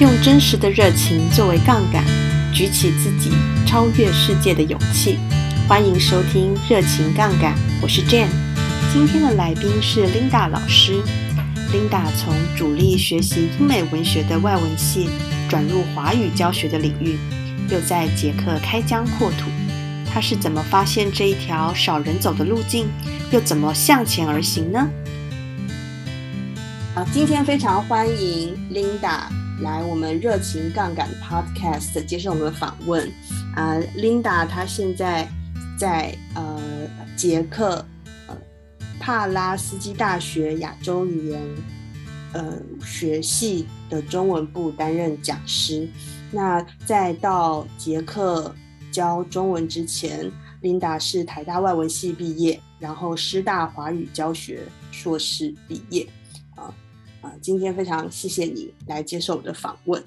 用真實的熱情作為槓桿，舉起自己超越世界的勇氣。歡迎收聽《熱情槓桿》，我是 Jane。今天的來賓是 Linda 老師。Linda 從主力學習英美文學的外文系轉入華語教學的領域，又在捷克開疆擴土。她是怎麼發現這一條少人走的路徑，又怎麼向前而行呢？啊，今天非常歡迎 Linda。來，我們熱情槓桿的 Podcast 接受我們的訪問啊，uh，Linda 她現在在呃捷克帕拉斯基大學亞洲語言呃學系的中文部擔任講師。那在到捷克教中文之前，Linda 是台大外文系畢業，然後師大華語教學碩士畢業。今天非常謝謝你來接受我的訪問，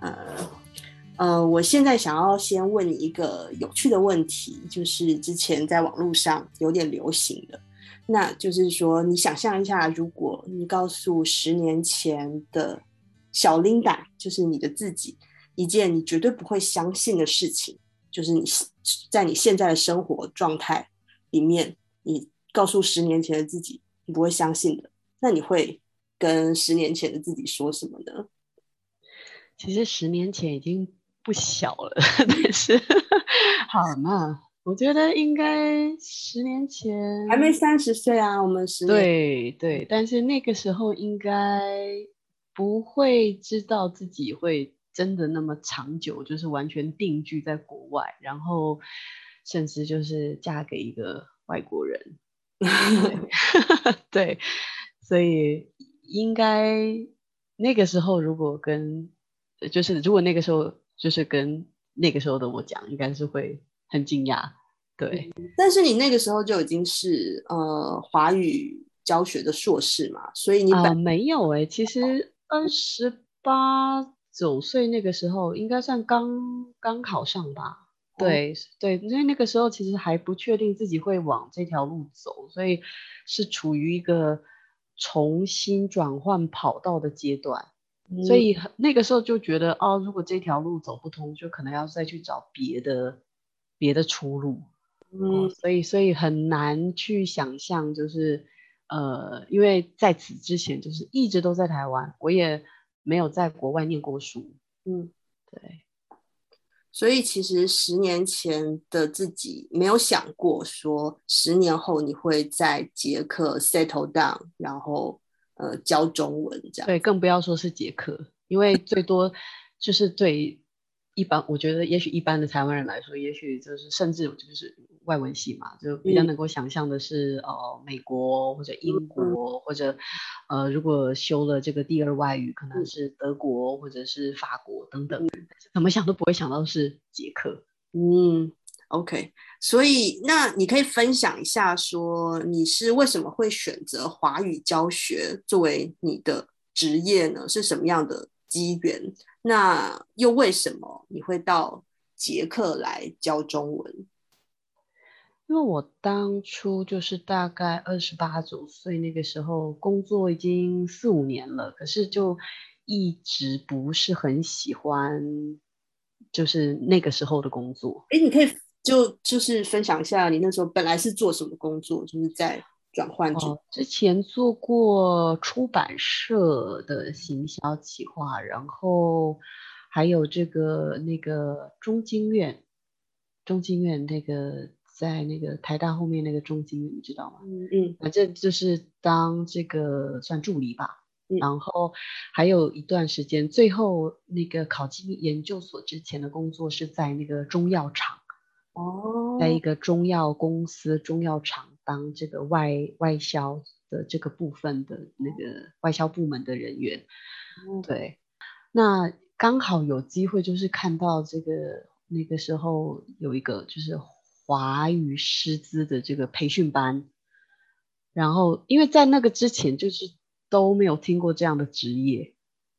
呃呃，我現在想要先問你一個有趣的問題，就是之前在網絡上有點流行的，那就是說，你想象一下，如果你告訴十年前的小 Linda，就是你的自己，一件你絕對不會相信的事情，就是你在你現在的生活狀態裡面，你告訴十年前的自己你不會相信的，那你會？跟十年前的自己說什麼呢？其實十年前已經不小了，但是 好嘛，我覺得應該十年前還沒三十歲啊。我們十年對對，但是那個時候應該不會知道自己會真的那麼長久，就是完全定居在國外，然後甚至就是嫁給一個外國人。 對，所以。應該那個時候，如果跟，就是如果那個時候就是跟那個時候的我講，應該是會很驚訝，對。嗯、但是你那個時候就已經是呃華語教學的碩士嘛，所以你本、呃、沒有誒、欸，其實二十八九歲那個時候應該算剛剛考上吧？哦、對對，因為那個時候其實還不確定自己會往這條路走，所以是處於一個。重新轉換跑道的階段，嗯，所以那個時候就覺得哦，如果這條路走不通，就可能要再去找別的、別的出路。嗯，嗯，所以所以很難去想象，就是呃，因為在此之前就是一直都在台灣，我也沒有在國外念過書。嗯，對。所以其實十年前的自己沒有想過，說十年後你會在捷克 settle down，然後呃教中文這樣。對，更不要說是捷克，因為最多就是對。 一般我覺得，也許一般的台灣人來說，也許就是甚至就是外文系嘛，就比較能夠想象的是，嗯、呃，美國或者英國、嗯、或者，呃，如果修了這個第二外語，可能是德國、嗯、或者是法國等等，嗯、怎麼想都不會想到是捷克。嗯，OK，所以那你可以分享一下，說你是為什麼會選擇華語教學作為你的職業呢？是什麼樣的機緣？那又為什麼你會到捷克來教中文？因為我當初就是大概二十八九歲那個時候，工作已經四五年了，可是就一直不是很喜歡，就是那個時候的工作。哎，你可以就就是分享一下你那時候本來是做什麼工作，就是在。轉換、哦。之前做過出版社的行銷企劃，嗯、然後還有這個那個中經院，中經院那個在那個台大後面那個中經院，你知道嗎？嗯嗯，反正就是當這個算助理吧。嗯、然後還有一段時間，最後那個考進研究所之前的工作是在那個中藥廠，哦，在一個中藥公司中藥廠。當這個外外銷的這個部分的那個外銷部門的人員，嗯、對，對，那剛好有機會就是看到這個那個時候有一個就是華語師資的這個培訓班，然後因為在那個之前就是都沒有聽過這樣的職業，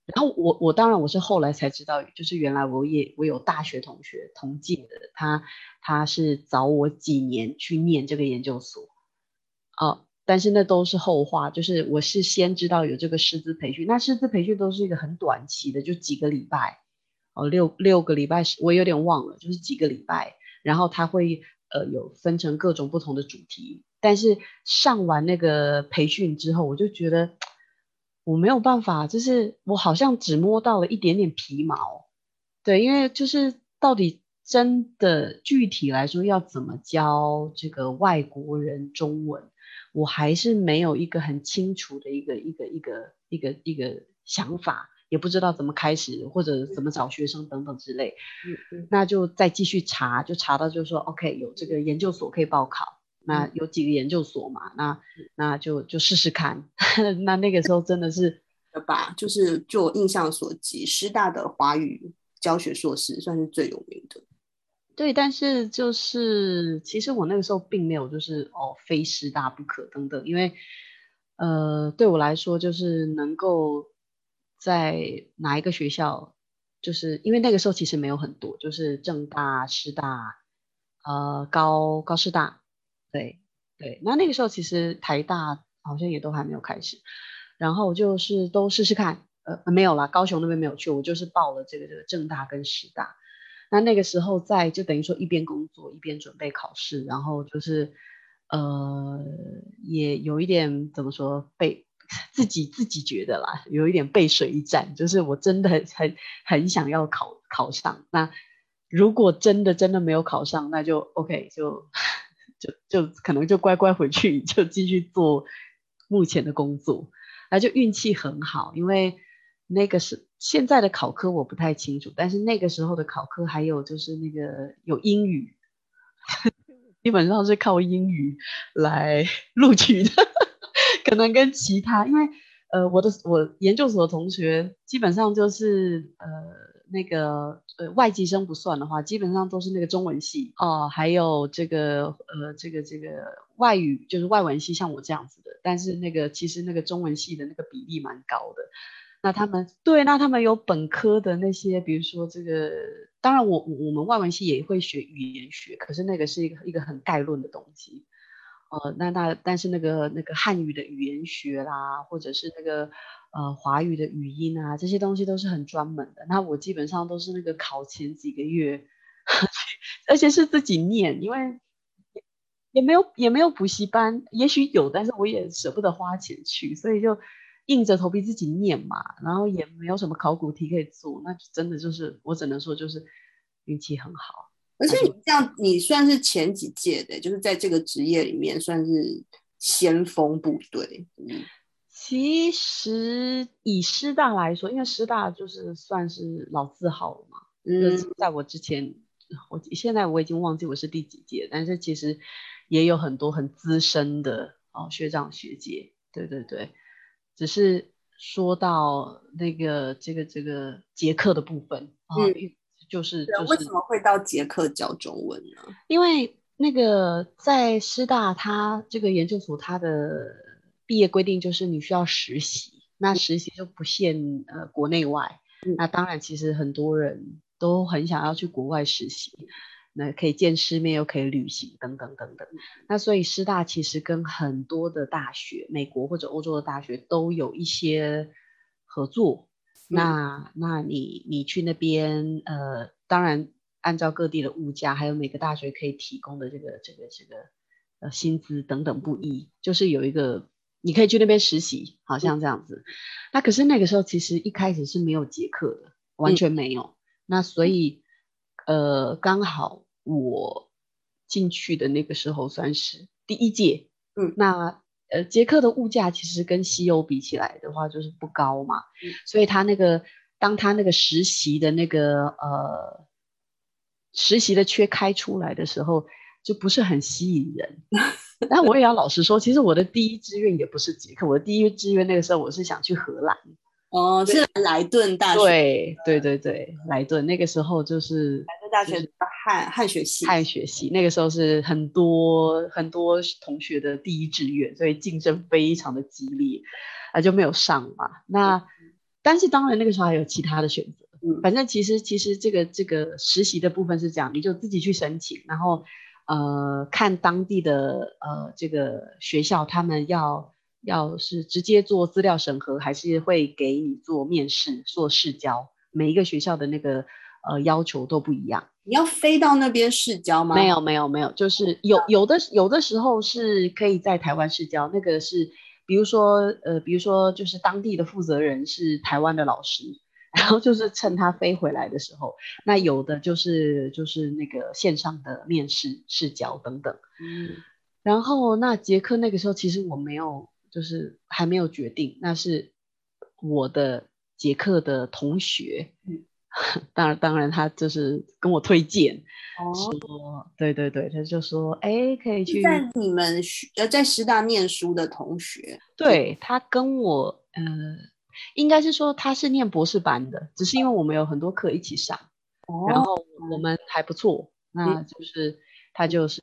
然後我我當然我是後來才知道，就是原來我也我有大學同學同濟的，他他是早我幾年去念這個研究所。啊、哦，但是那都是後話，就是我是先知道有這個師資培訓，那師資培訓都是一個很短期的，就幾個禮拜，哦，六六個禮拜，我有點忘了，就是幾個禮拜，然後他會呃有分成各種不同的主題，但是上完那個培訓之後，我就覺得我沒有辦法，就是我好像只摸到了一點點皮毛，對，因為就是到底真的具體來說要怎麼教這個外國人中文？我還是沒有一個很清楚的一個一個一個一個一個,一個想法，也不知道怎麼開始或者怎麼找學生等等之類。嗯，嗯那就再繼續查，就查到就是說，OK，有這個研究所可以報考。那有幾個研究所嘛？嗯、那那就就試試看。 那那個時候真的是，對吧？就是就我印象所及，師大的華語教學碩士算是最有名的。對，但是就是其實我那個時候並沒有就是哦非師大不可等等，因為呃對我來說就是能夠在哪一個學校，就是因為那個時候其實沒有很多，就是政大、師大、呃高高師大，對對，那那個時候其實台大好像也都還沒有開始，然後就是都試試看，呃沒有啦，高雄那邊沒有去，我就是報了這個這個政大跟師大。那那個時候在，就等於說一邊工作一邊準備考試，然後就是，呃，也有一點怎麼說被，自己自己覺得啦，有一點背水一戰，就是我真的很很很想要考考上。那如果真的真的沒有考上，那就 OK，就就就可能就乖乖回去，就繼續做目前的工作。那就運氣很好，因為。那個是現在的考科，我不太清楚，但是那個時候的考科還有就是那個有英語， 基本上是靠英語來錄取的， 可能跟其他因為呃我的我研究所的同學基本上就是呃那個呃外籍生不算的話，基本上都是那個中文系哦，還有這個呃這個這個外語就是外文系像我這樣子的，但是那個、嗯、其實那個中文系的那個比例蠻高的。那他們對，那他們有本科的那些，比如說這個，當然我我們外文系也會學語言學，可是那個是一個一個很概論的東西，呃，那那但是那個那個漢語的語言學啦，或者是那個呃華語的語音啊，這些東西都是很專門的。那我基本上都是那個考前幾個月，呵呵，而且是自己念，因為也沒有也沒有補習班，也許有，但是我也捨不得花錢去，所以就。硬着頭皮自己念嘛，然後也沒有什麼考古題可以做，那真的就是我只能說就是運氣很好。而且你這樣，嗯、你算是前幾屆的，就是在這個職業裡面算是先鋒部隊。嗯，其實以師大來說，因為師大就是算是老字號了嘛。嗯，在我之前，我現在我已經忘記我是第幾屆，但是其實也有很多很資深的哦、嗯、學長學姐。對對對。只是說到那個這個這個捷克的部分，嗯、啊，就是對、就是、為什麼會到捷克教中文呢？因為那個在師大他，他這個研究所他的畢業規定就是你需要實習，那實習就不限呃國內外，嗯、那當然其實很多人都很想要去國外實習。那可以見世面，又可以旅行，等等等等。那所以師大其實跟很多的大學，美國或者歐洲的大學都有一些合作。嗯、那那你你去那邊，呃，當然按照各地的物價，還有每個大學可以提供的這個這個這個呃薪資等等不一，就是有一個你可以去那邊實習，好像這樣子。嗯、那可是那個時候其實一開始是沒有捷克的，完全沒有。嗯、那所以呃剛好。我進去的那個時候算是第一屆，嗯，那呃，捷克的物價其實跟西歐比起來的話就是不高嘛，嗯、所以他那個當他那個實習的那個呃實習的缺開出來的時候就不是很吸引人。 但我也要老實說，其實我的第一志願也不是捷克，我的第一志願那個時候我是想去荷蘭。哦，oh, 對是萊頓大學，對對對對，萊頓那個時候就是萊頓大學是漢漢學系，漢學系那個時候是很多很多同學的第一志願，所以競爭非常的激烈，啊就沒有上嘛。那對但是當然那個時候還有其他的選擇，嗯、反正其實其實這個這個實習的部分是這樣，你就自己去申請，然後呃看當地的呃、嗯、這個學校他們要。要是直接做資料審核，還是會給你做面試、做試教。每一個學校的那個呃要求都不一樣。你要飛到那邊試教嗎？沒有，沒有，沒有，就是有有的有的時候是可以在台灣試教。那個是比如說呃比如說就是當地的負責人是台灣的老師，然後就是趁他飛回來的時候，那有的就是就是那個線上的面試、試教等等。嗯，然後那捷克那個時候其實我沒有。就是還沒有決定，那是我的捷克的同學，當然、嗯、當然，當然他就是跟我推薦，嗯、說哦，對對對，他就說，哎，可以去在你們學呃在師大念書的同學，對他跟我呃，應該是說他是念博士班的，只是因為我們有很多課一起上，哦、然後我們還不錯，嗯、那就是他就是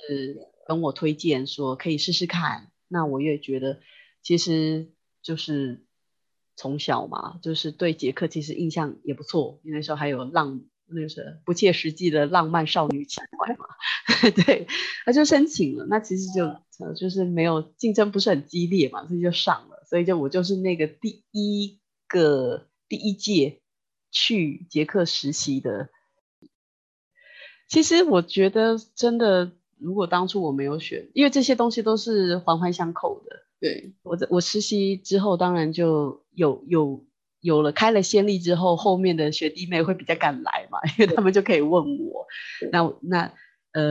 跟我推薦說可以試試看，那我也覺得。其實就是從小嘛，就是對捷克其實印象也不錯，因為那時候還有浪，那個是不切實際的浪漫少女情懷嘛。 對，那就申請了。那其實就就是沒有競爭不是很激烈嘛，所以就上了。所以就我就是那個第一個第一屆去捷克實習的。其實我覺得真的，如果當初我沒有選，因為這些東西都是環環相扣的。對，我在我實習之後，當然就有有有了開了先例之後，後面的學弟妹會比較敢來嘛，對因為他們就可以問我。對那那呃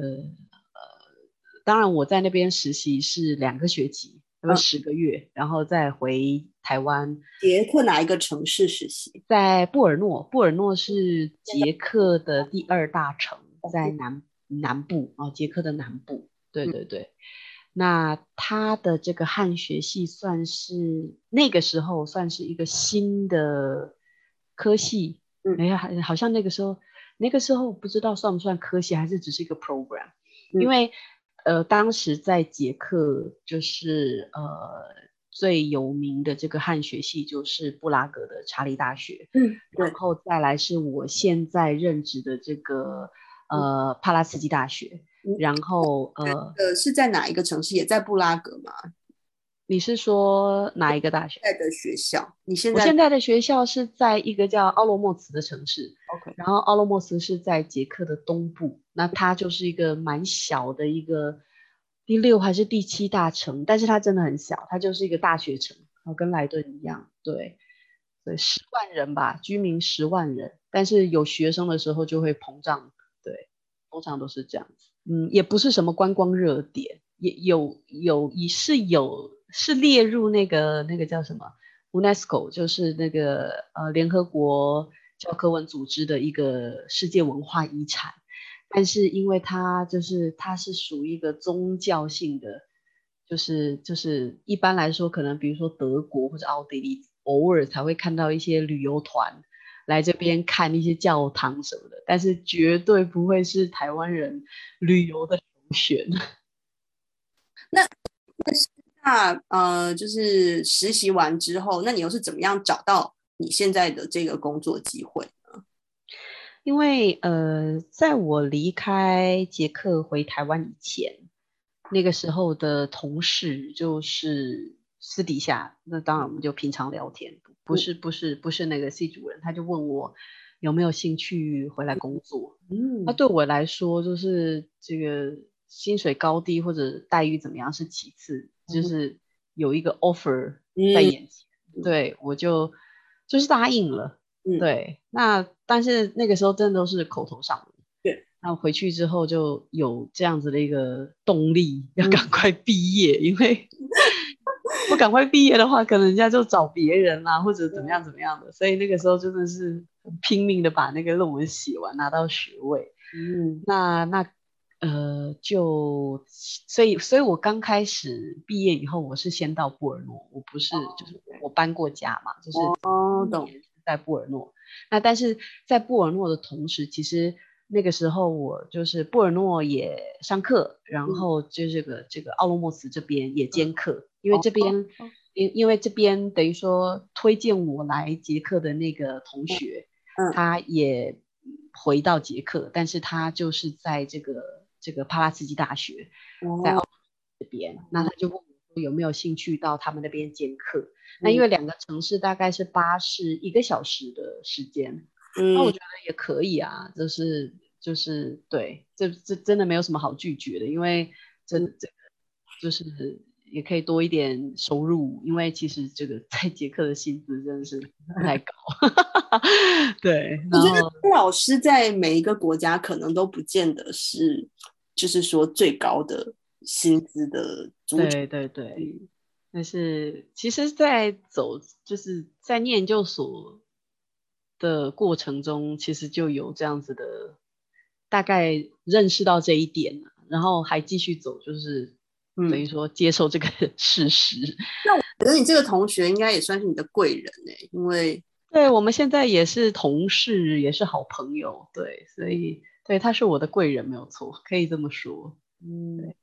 呃，當然我在那邊實習是兩個學期，差不多十個月，嗯、然後再回台灣。捷克哪一個城市實習？在布爾諾。布爾諾是捷克的第二大城，在南、嗯、南部啊、哦，捷克的南部。對對對。嗯那他的這個漢學系算是那個時候算是一個新的科系，嗯、哎呀，好像那個時候那個時候不知道算不算科系，還是只是一個 program。因為、嗯、呃，當時在捷克就是呃最有名的這個漢學系就是布拉格的查理大學，嗯，然後再來是我現在任職的這個呃帕拉斯基大學。然後，呃、嗯、呃，是在哪一個城市？也在布拉格嗎？你是說哪一個大學？在的學校。你現在我現在的學校是在一個叫奧羅莫茨的城市。OK。然後奧羅莫茨是在捷克的東部，那它就是一個蠻小的一個第六還是第七大城，但是它真的很小，它就是一個大學城，然後跟萊頓一樣，對，對，十萬人吧，居民十萬人，但是有學生的時候就會膨脹，對，通常都是這樣子。嗯，也不是什麼觀光熱點，也有有也是有是列入那個那個叫什麼 UNESCO，就是那個呃聯合國教科文組織的一個世界文化遺產，但是因為它就是它是屬於一個宗教性的，就是就是一般來說可能比如說德國或者奧地利偶爾才會看到一些旅遊團。來這邊看一些教堂什麼的，但是絕對不會是台灣人旅遊的首選。那那那呃，就是實習完之後，那你又是怎麼樣找到你現在的這個工作機會呢？因為呃，在我離開捷克回台灣以前，那個時候的同事就是。私底下，那當然我們就平常聊天，不是不是不是那個系主任，他就問我有沒有興趣回來工作。嗯，那對我來說，就是這個薪水高低或者待遇怎麼樣是其次，嗯、就是有一個 offer 在眼前，嗯、對我就就是答應了。嗯、對，那但是那個時候真的都是口頭上的。對、嗯，那回去之後就有這樣子的一個動力，嗯、要趕快畢業，因為。 不趕快畢業的話，可能人家就找別人啦、啊，或者怎麼樣怎麼樣的。嗯、所以那個時候真的是拼命的把那個論文寫完，拿到學位。嗯，那那呃，就所以所以我剛開始畢業以後，我是先到布爾諾，我不是就是我搬過家嘛，哦、就是哦，懂，在布爾諾。哦、那但是在布爾諾的同時，其實那個時候我就是布爾諾也上課，然後就這個、嗯、這個奧洛莫茨這邊也兼課。嗯因為這邊，因、oh, okay. 因為這邊等於說推薦我來捷克的那個同學，嗯、他也回到捷克，但是他就是在這個這個帕拉茨基大學，oh. 在奧這邊，那他就問我說有沒有興趣到他們那邊兼課？Mm. 那因為兩個城市大概是巴士一個小時的時間，mm. 那我覺得也可以啊，就是就是對，這這真的沒有什麼好拒絕的，因為真的這個就是。也可以多一點收入，因為其實這個在捷克的薪資真的是不太高。 對，然後我覺得老師在每一個國家可能都不見得是，就是說最高的薪資的。對對對。但是其實，在走就是，在念研究所的過程中，其實就有這樣子的大概認識到這一點，然後還繼續走就是。等於說接受這個事實。嗯，那我覺得你這個同學應該也算是你的貴人欸，因為對。我們現在也是同事，也是好朋友，對，所以對，他是我的貴人沒有錯，可以這麼說。嗯，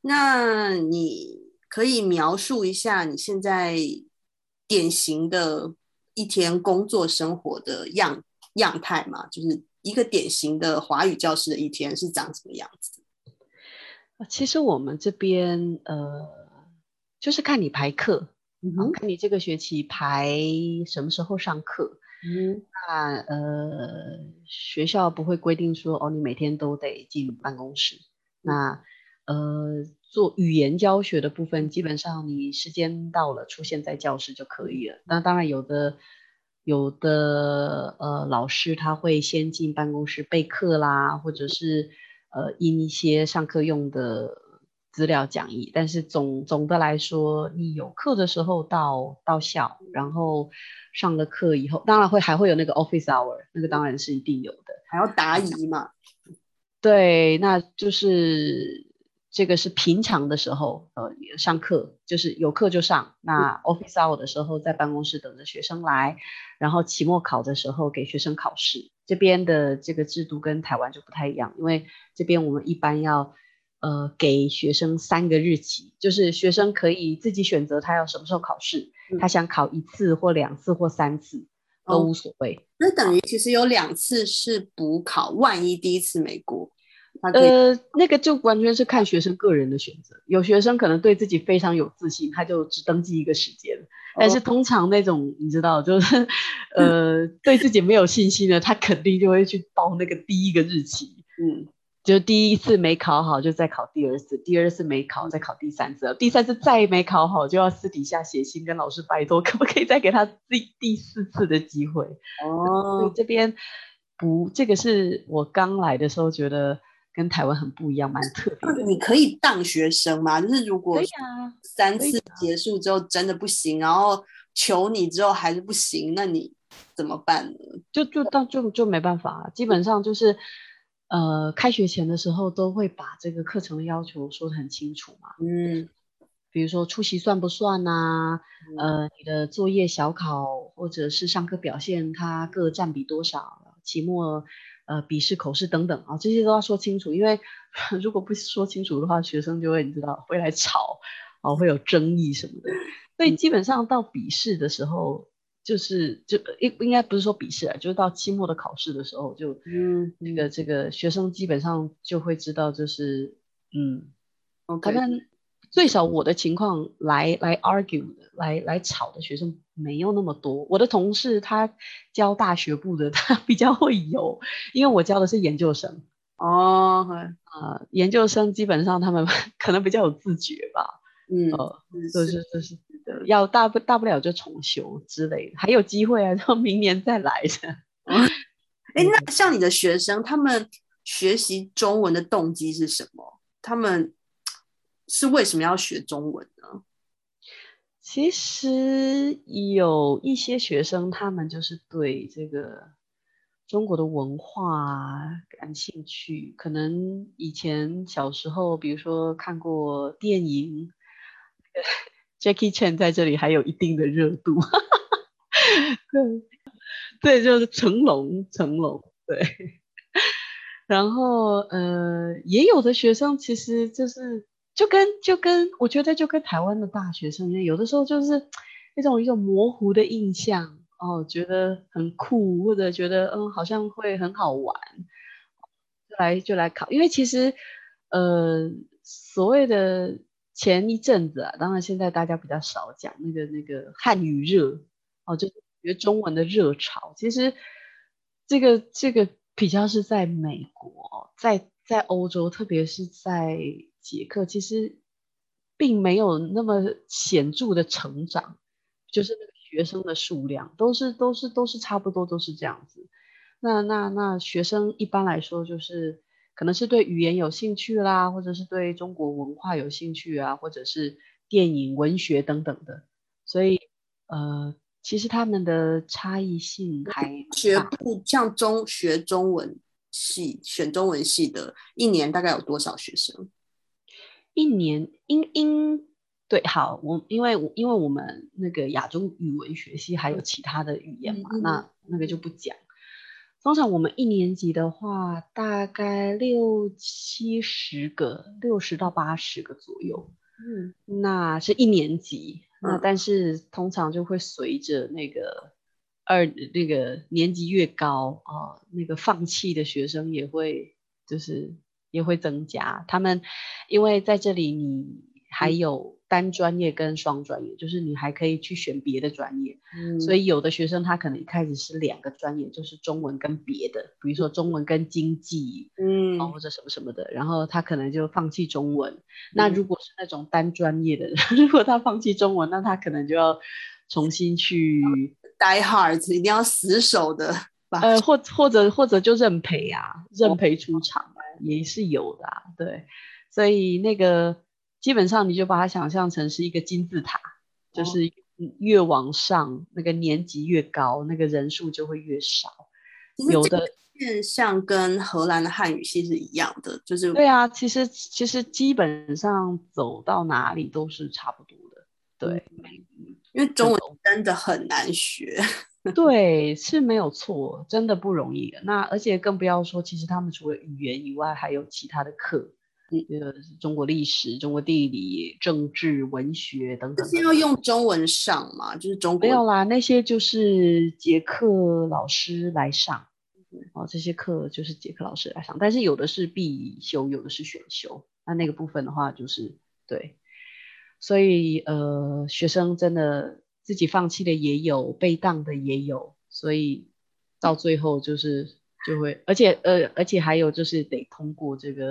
那你可以描述一下你現在典型的，一天工作生活的樣樣態嗎？就是一個典型的華語教師的一天是長什麼樣子？其實我們這邊呃，就是看你排課，mm hmm. 看你這個學期排什麼時候上課。嗯、mm，hmm. 那呃，學校不會規定說哦，你每天都得進辦公室。那呃，做語言教學的部分，基本上你時間到了出現在教室就可以了。那當然有的有的呃，老師他會先進辦公室備課啦，或者是。呃，印一些上課用的資料講義，但是總總的來說，你有課的時候到到校，然後上了課以後，當然會還會有那個 office hour，那個當然是一定有的，還要答疑嘛。對，那就是這個是平常的時候，呃，上課就是有課就上，那 office hour 的時候在辦公室等着學生來，然後期末考的時候給學生考試。這邊的這個制度跟台灣就不太一樣，因為這邊我們一般要，呃，給學生三個日期，就是學生可以自己選擇他要什麼時候考試，嗯。他想考一次或兩次或三次，都無所謂。哦。那等於其實有兩次是補考，萬一第一次沒過。呃，那個就完全是看學生個人的選擇。有學生可能對自己非常有自信，他就只登記一個時間，哦，但是通常那種你知道，就是呃，嗯，對自己沒有信心的，他肯定就會去報那個第一個日期。嗯，就第一次沒考好，就再考第二次；第二次沒考，再考第三次；第三次再沒考好，就要私底下寫信跟老師拜托，可不可以再給他第第四次的機會？哦，所以這邊不，這個是我剛來的時候覺得。跟台灣很不一樣，蠻特別。你可以當學生嗎？就是如果三次結束之後真的不行，啊、然後求你之後還是不行，那你怎麼辦呢？就就就就沒辦法。基本上就是，呃，開學前的時候都會把這個課程的要求說得很清楚嘛。嗯，比如說出席算不算啊？嗯、呃，你的作業、小考或者是上課表現，它各佔比多少？期末。呃，筆試、口試等等啊、哦，這些都要說清楚，因為如果不說清楚的話，學生就會你知道會來吵，啊、哦，會有爭議什麼的。嗯、所以基本上到筆試的時候，就是就應應該不是說筆試啊，就是到期末的考試的時候，就嗯，那個、嗯、這個學生基本上就會知道，就是嗯，我看、嗯。Okay. 最少，我的情況來來 argue 來來吵的學生沒有那麼多。我的同事他教大學部的，他比較會有，因為我教的是研究生哦，啊、oh, okay. 呃，研究生基本上他們可能比較有自覺吧，嗯，就、呃、是就是的，是是是要大不大不了就重修之類的，還有機會啊，到明年再來着。哎、嗯，那像你的學生，他們學習中文的動機是什麼？他們？是為什麼要學中文呢？其實有一些學生，他們就是對這個中國的文化感興趣，可能以前小時候，比如說看過電影 ，Jackie Chan 在這裡還有一定的熱度， 對對，就是成龍，成龍，對。然後呃，也有的學生其實就是。就跟就跟我覺得就跟台灣的大學生一樣，有的時候就是一種一種模糊的印象哦，覺得很酷或者覺得嗯好像會很好玩，就來就來考。因為其實呃所謂的前一陣子啊，當然現在大家比較少講那個那個漢語熱哦，就是學中文的熱潮。其實這個這個比較是在美國在在歐洲，特別是在。節課其實並沒有那麼顯著的成長，就是學生的數量都是都是都是差不多，都是這樣子。那那那學生一般來說就是可能是對語言有興趣啦，或者是對中國文化有興趣啊，或者是電影、文學等等的。所以呃，其實他們的差異性還蠻大。學部像中學中文系選中文系的一年大概有多少學生？一年英英對好，我因為因為我們那個亞洲語文學系還有其他的語言嘛，嗯嗯那那個就不講。通常我們一年級的話，大概六七十個，嗯、六十到八十個左右。嗯，那是一年級，嗯、那但是通常就會隨着那個二那個年級越高啊、呃，那個放棄的學生也會就是。也會增加他們，因為在這裡你還有單專業跟雙專業，嗯、就是你還可以去選別的專業，嗯、所以有的學生他可能一開始是兩個專業，就是中文跟別的，比如說中文跟經濟，嗯、哦，或者什麼什麼的，然後他可能就放棄中文。嗯、那如果是那種單專業的，如果他放棄中文，那他可能就要重新去 die hard，一定要死守的。呃，或或者或者就認賠啊，認賠、哦、出場。也是有的、啊，對，所以那個基本上你就把它想象成是一個金字塔，哦、就是越往上那個年級越高，那個人數就會越少。有的現象跟荷蘭的漢語系是一樣的，就是對啊，其實其實基本上走到哪裡都是差不多的，對，因為中文真的很難學。 對，是沒有錯，真的不容易的。那而且更不要說，其實他們除了語言以外，還有其他的課，嗯、中國歷史、中國地理、政治、文學等等。是要用中文上嗎？就是中國？沒有啦，那些就是捷克老師來上。哦、嗯，這些課就是捷克老師來上，但是有的是必修，有的是選修。那那個部分的話，就是對，所以呃，學生真的。自己放棄的也有，被當的也有，所以到最後就是就會，而且呃，而且還有就是得通過這個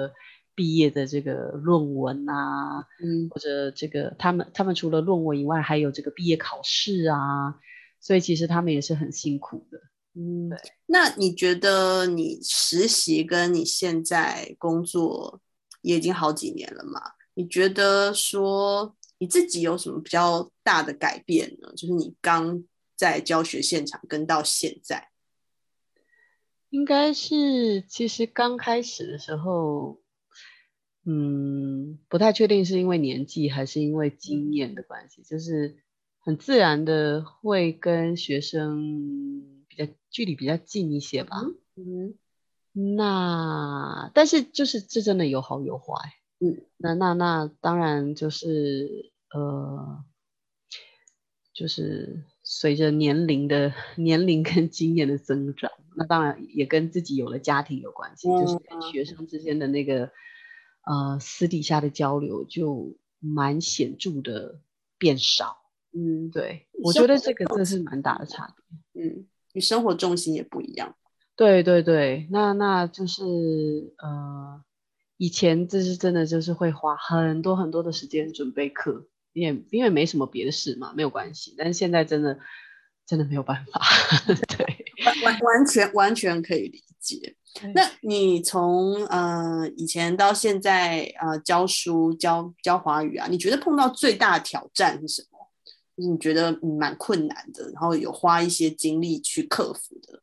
畢業的這個論文啊，嗯，或者這個他們他們除了論文以外，還有這個畢業考試啊，所以其實他們也是很辛苦的，嗯，對那你覺得你實習跟你現在工作也已經好幾年了嘛？你覺得說？你自己有什麼比較大的改變呢？就是你剛在教學現場跟到現在，應該是其實剛開始的時候，嗯，不太確定是因為年紀還是因為經驗的關係，就是很自然的會跟學生比較距離比較近一些吧。嗯，嗯，那但是就是這真的有好有壞。嗯，那那那當然就是呃，就是隨着年齡的年齡跟經驗的增長，那當然也跟自己有了家庭有關係，就是跟學生之間的那個、嗯、呃私底下的交流就蠻顯著的變少。嗯，對，我覺得這個這是蠻大的差別。嗯，你生活重心也不一樣。對對對，那那就是呃。以前就是真的，就是會花很多很多的時間準備課，也因為沒什麼別的事嘛，沒有關係。但是現在真的，真的沒有辦法， 對，完完全完全可以理解。對那你從呃以前到現在啊、呃，教書教教華語啊，你覺得碰到最大的挑戰是什麼？就是你覺得蠻困難的，然後有花一些精力去克服的？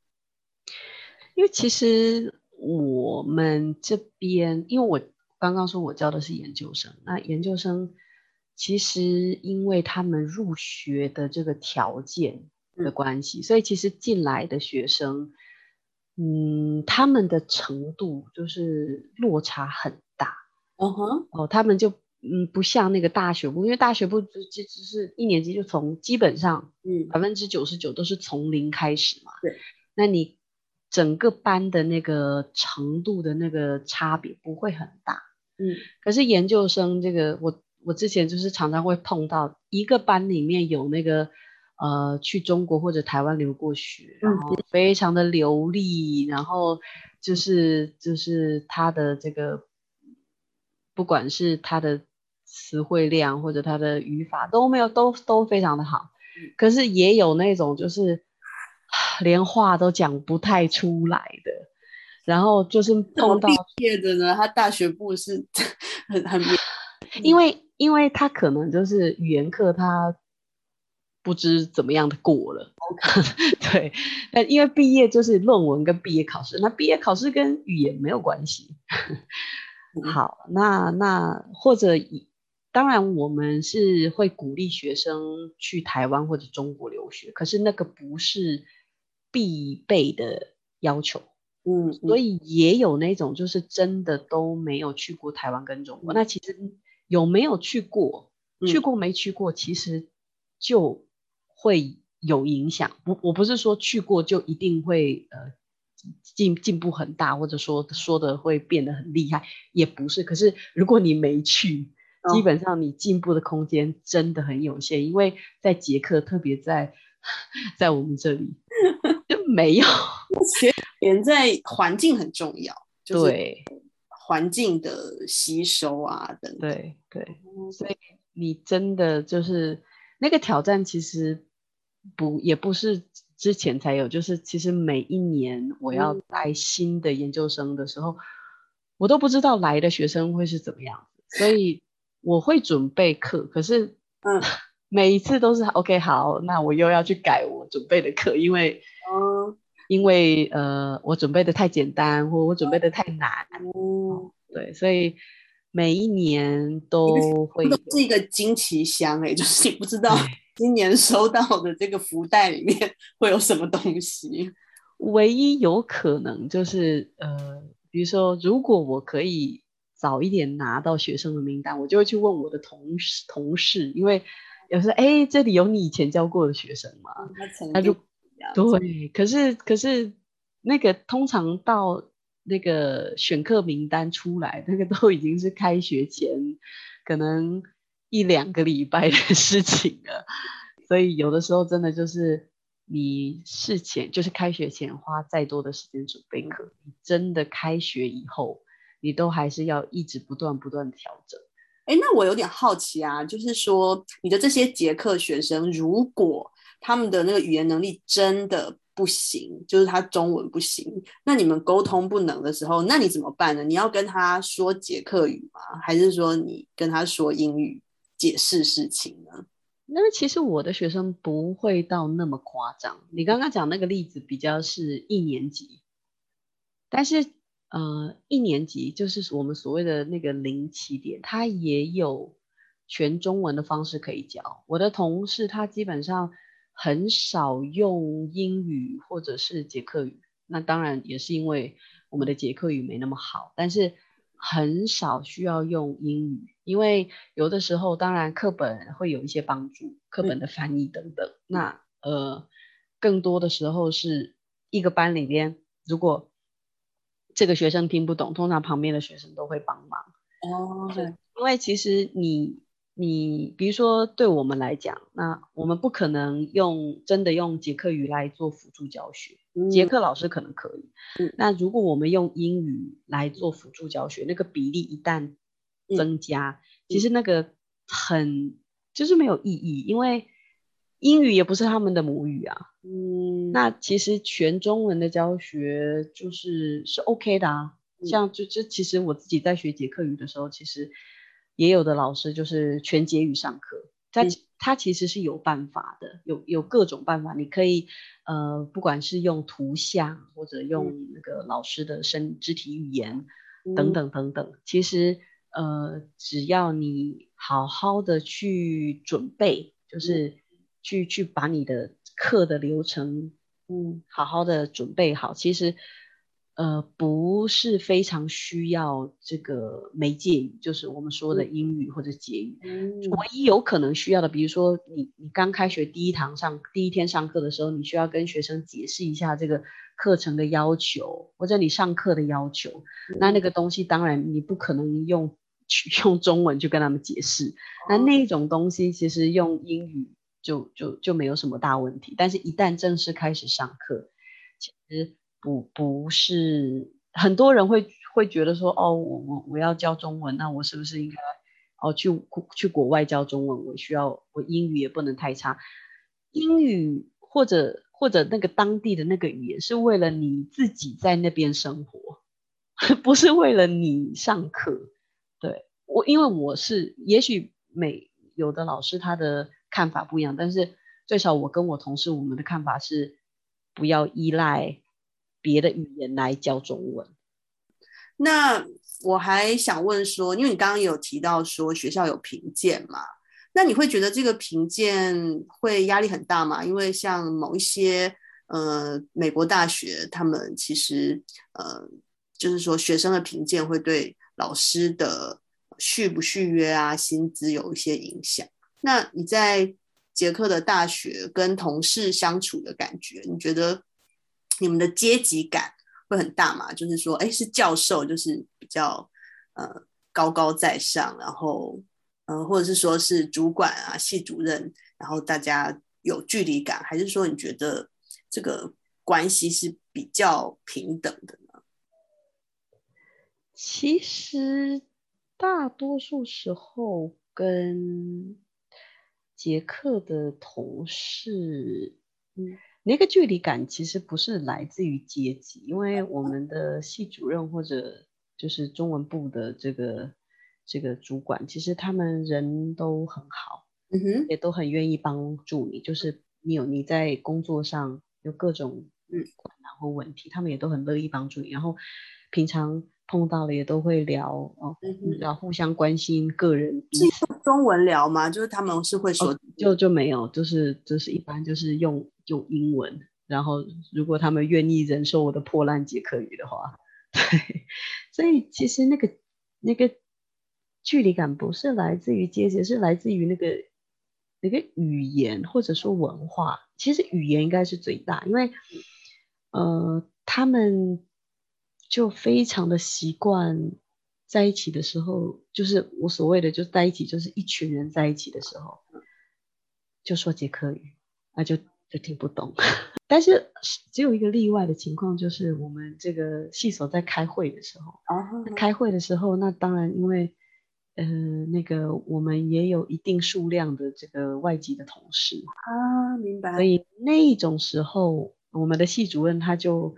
因為其實。我們這邊，因為我剛剛說，我教的是研究生。那研究生其實，因為他們入學的這個條件的關係，嗯、所以其實進來的學生，嗯，他們的程度就是落差很大。嗯哼、uh-huh、哦，他們就嗯，不像那個大學部，因為大學部就就，就是一年級就從基本上99，嗯，百分之九十九都是從零開始嘛。對、嗯，那你。整個班的那個程度的那個差別不會很大，嗯，可是研究生這個，我我之前就是常常會碰到一個班裡面有那個，呃，去中國或者台灣留過學，然後非常的流利，嗯，然後就是就是他的這個，不管是他的詞彙量或者他的語法都沒有都都非常的好，嗯，可是也有那種就是。連話都講不太出來的，然後就是碰到畢業呢，他大學部是很很，因為因為他可能就是語言課他不知怎麼樣的過了，Okay. 對，因為畢業就是論文跟畢業考試，那畢業考試跟語言沒有關係。 好，那那或者以當然我們是會鼓勵學生去台灣或者中國留學，可是那個不是。必備的要求，嗯，所以也有那種就是真的都沒有去過台灣跟中國。嗯、那其實有沒有去過，嗯、去過沒去過，其實就會有影響。我我不是說去過就一定會呃進進步很大，或者說說的會變得很厲害，也不是。可是如果你沒去，哦、基本上你進步的空間真的很有限，因為在捷克，特別在在我們這裡。 沒有，人在環境很重要，對、就是，環境的吸收啊等等。對對，所以你真的就是那個挑戰，其實不也不是之前才有，就是其實每一年我要帶新的研究生的時候，嗯、我都不知道來的學生會是怎麼樣，所以我會準備課，可是嗯，每一次都是、嗯、OK，好，那我又要去改我準備的課，因為。因為呃，我準備的太簡單，或我準備的太難，嗯哦、對，所以每一年都會有、嗯、一個驚奇箱哎，對就是你不知道今年收到的這個福袋裡面會有什麼東西。唯一有可能就是呃，比如說如果我可以早一點拿到學生的名單，我就會去問我的同事同事，因為有時候哎，這裡有你以前教過的學生嗎、嗯？他就。對,對，可，可是可是那個通常到那個選課名單出來，那個都已經是開學前，可能一兩個禮拜的事情了。所以有的時候真的就是你事前就是開學前花再多的時間準備課，你真的開學以後你都還是要一直不斷不斷調整。哎，那我有點好奇啊，就是說你的這些捷克學生如果。他們的那個語言能力真的不行，就是他中文不行。那你們溝通不能的時候，那你怎麼辦呢？你要跟他說捷克語嗎？還是說你跟他說英語解釋事情呢？那其實我的學生不會到那麼誇張。你剛剛講那個例子比較是一年級，但是呃，一年級就是我們所謂的那個零起點，他也有全中文的方式可以教。我的同事他基本上，很少用英語或者是捷克語，那當然也是因為我們的捷克語沒那麼好，但是很少需要用英語，因為有的時候當然課本會有一些幫助，課本的翻譯等等。嗯，那呃，更多的時候是一個班裡邊，如果這個學生聽不懂，通常旁邊的學生都會幫忙。哦，對，因為其實你。你比如說，對我們來講，那我們不可能用真的用捷克語來做輔助教學，嗯、捷克老師可能可以。嗯、那如果我們用英語來做輔助教學，那個比例一旦增加，嗯、其實那個很就是沒有意義，因為英語也不是他們的母語啊。嗯，那其實全中文的教學就是、嗯、是 OK 的啊。像就這，就其實我自己在學捷克語的時候，其實。也有的老師就是全捷語上課，他他其實是有辦法的，嗯、有有各種辦法，你可以呃，不管是用圖像或者用那個老師的身體肢體語言、嗯、等等等等。其實呃，只要你好好的去準備，就是去、嗯、去把你的課的流程嗯好好的準備好，其實。呃，不是非常需要這個媒介語，就是我們說的英語或者捷語。嗯、唯一有可能需要的，比如說你你剛開學第一堂上第一天上課的時候，你需要跟學生解釋一下這個課程的要求或者你上課的要求。嗯、那那個東西當然你不可能用用中文去跟他們解釋。嗯、那那種東西其實用英語就就就沒有什麼大問題。但是一旦正式開始上課，其實。不不是很多人會會覺得說哦，我我我要教中文，那我是不是應該哦去去國外教中文？我需要，我英語也不能太差，英語或者或者那個當地的那個語言是為了你自己在那邊生活，不是為了你上課。對，我因為我是也許每有的老師他的看法不一樣，但是最少我跟我同事我們的看法是不要依賴。別的語言來教中文。那我還想問說，因為你剛剛有提到說學校有評鑑嘛，那你會覺得這個評鑑會壓力很大嗎？因為像某一些呃美國大學，他們其實呃就是說學生的評鑑會對老師的續不續約啊、薪資有一些影響。那你在捷克的大學跟同事相處的感覺，你覺得？你們的階級感會很大嗎？就是說，哎，是教授，就是比較呃高高在上，然後呃，或者是說是主管啊、系主任，然後大家有距離感，還是說你覺得這個關係是比較平等的呢？其實大多數時候跟捷克的同事，嗯。那個距離感其實不是來自於階級，因為我們的系主任或者就是中文部的這個這個主管，其實他們人都很好，嗯哼，也都很願意幫助你。就是你有你在工作上有各種困、嗯、然後問題，他們也都很樂意幫助你。然後平常。碰到了也都會聊哦，然後、嗯、哼互相關心個人。是說中文聊嗎？就是他們是會說的，哦，就就沒有，就是就是一般就是用用英文。然後如果他們願意忍受我的破爛捷克語的話，對。所以其實那個那個距離感不是來自於階級，是來自於那個那個語言或者說文化。其實語言應該是最大，因為呃他們。就非常的習慣在一起的時候，就是我所謂的，就在一起，就是一群人在一起的時候，就說捷克語，那就就聽不懂。 但是只有一個例外的情況，就是我們這個系所在開會的時候，uh huh huh. 開會的時候，那當然因為，呃，那個我們也有一定數量的這個外籍的同事啊，明白，uh。Huh. 所以那一種時候，我們的系主任他就。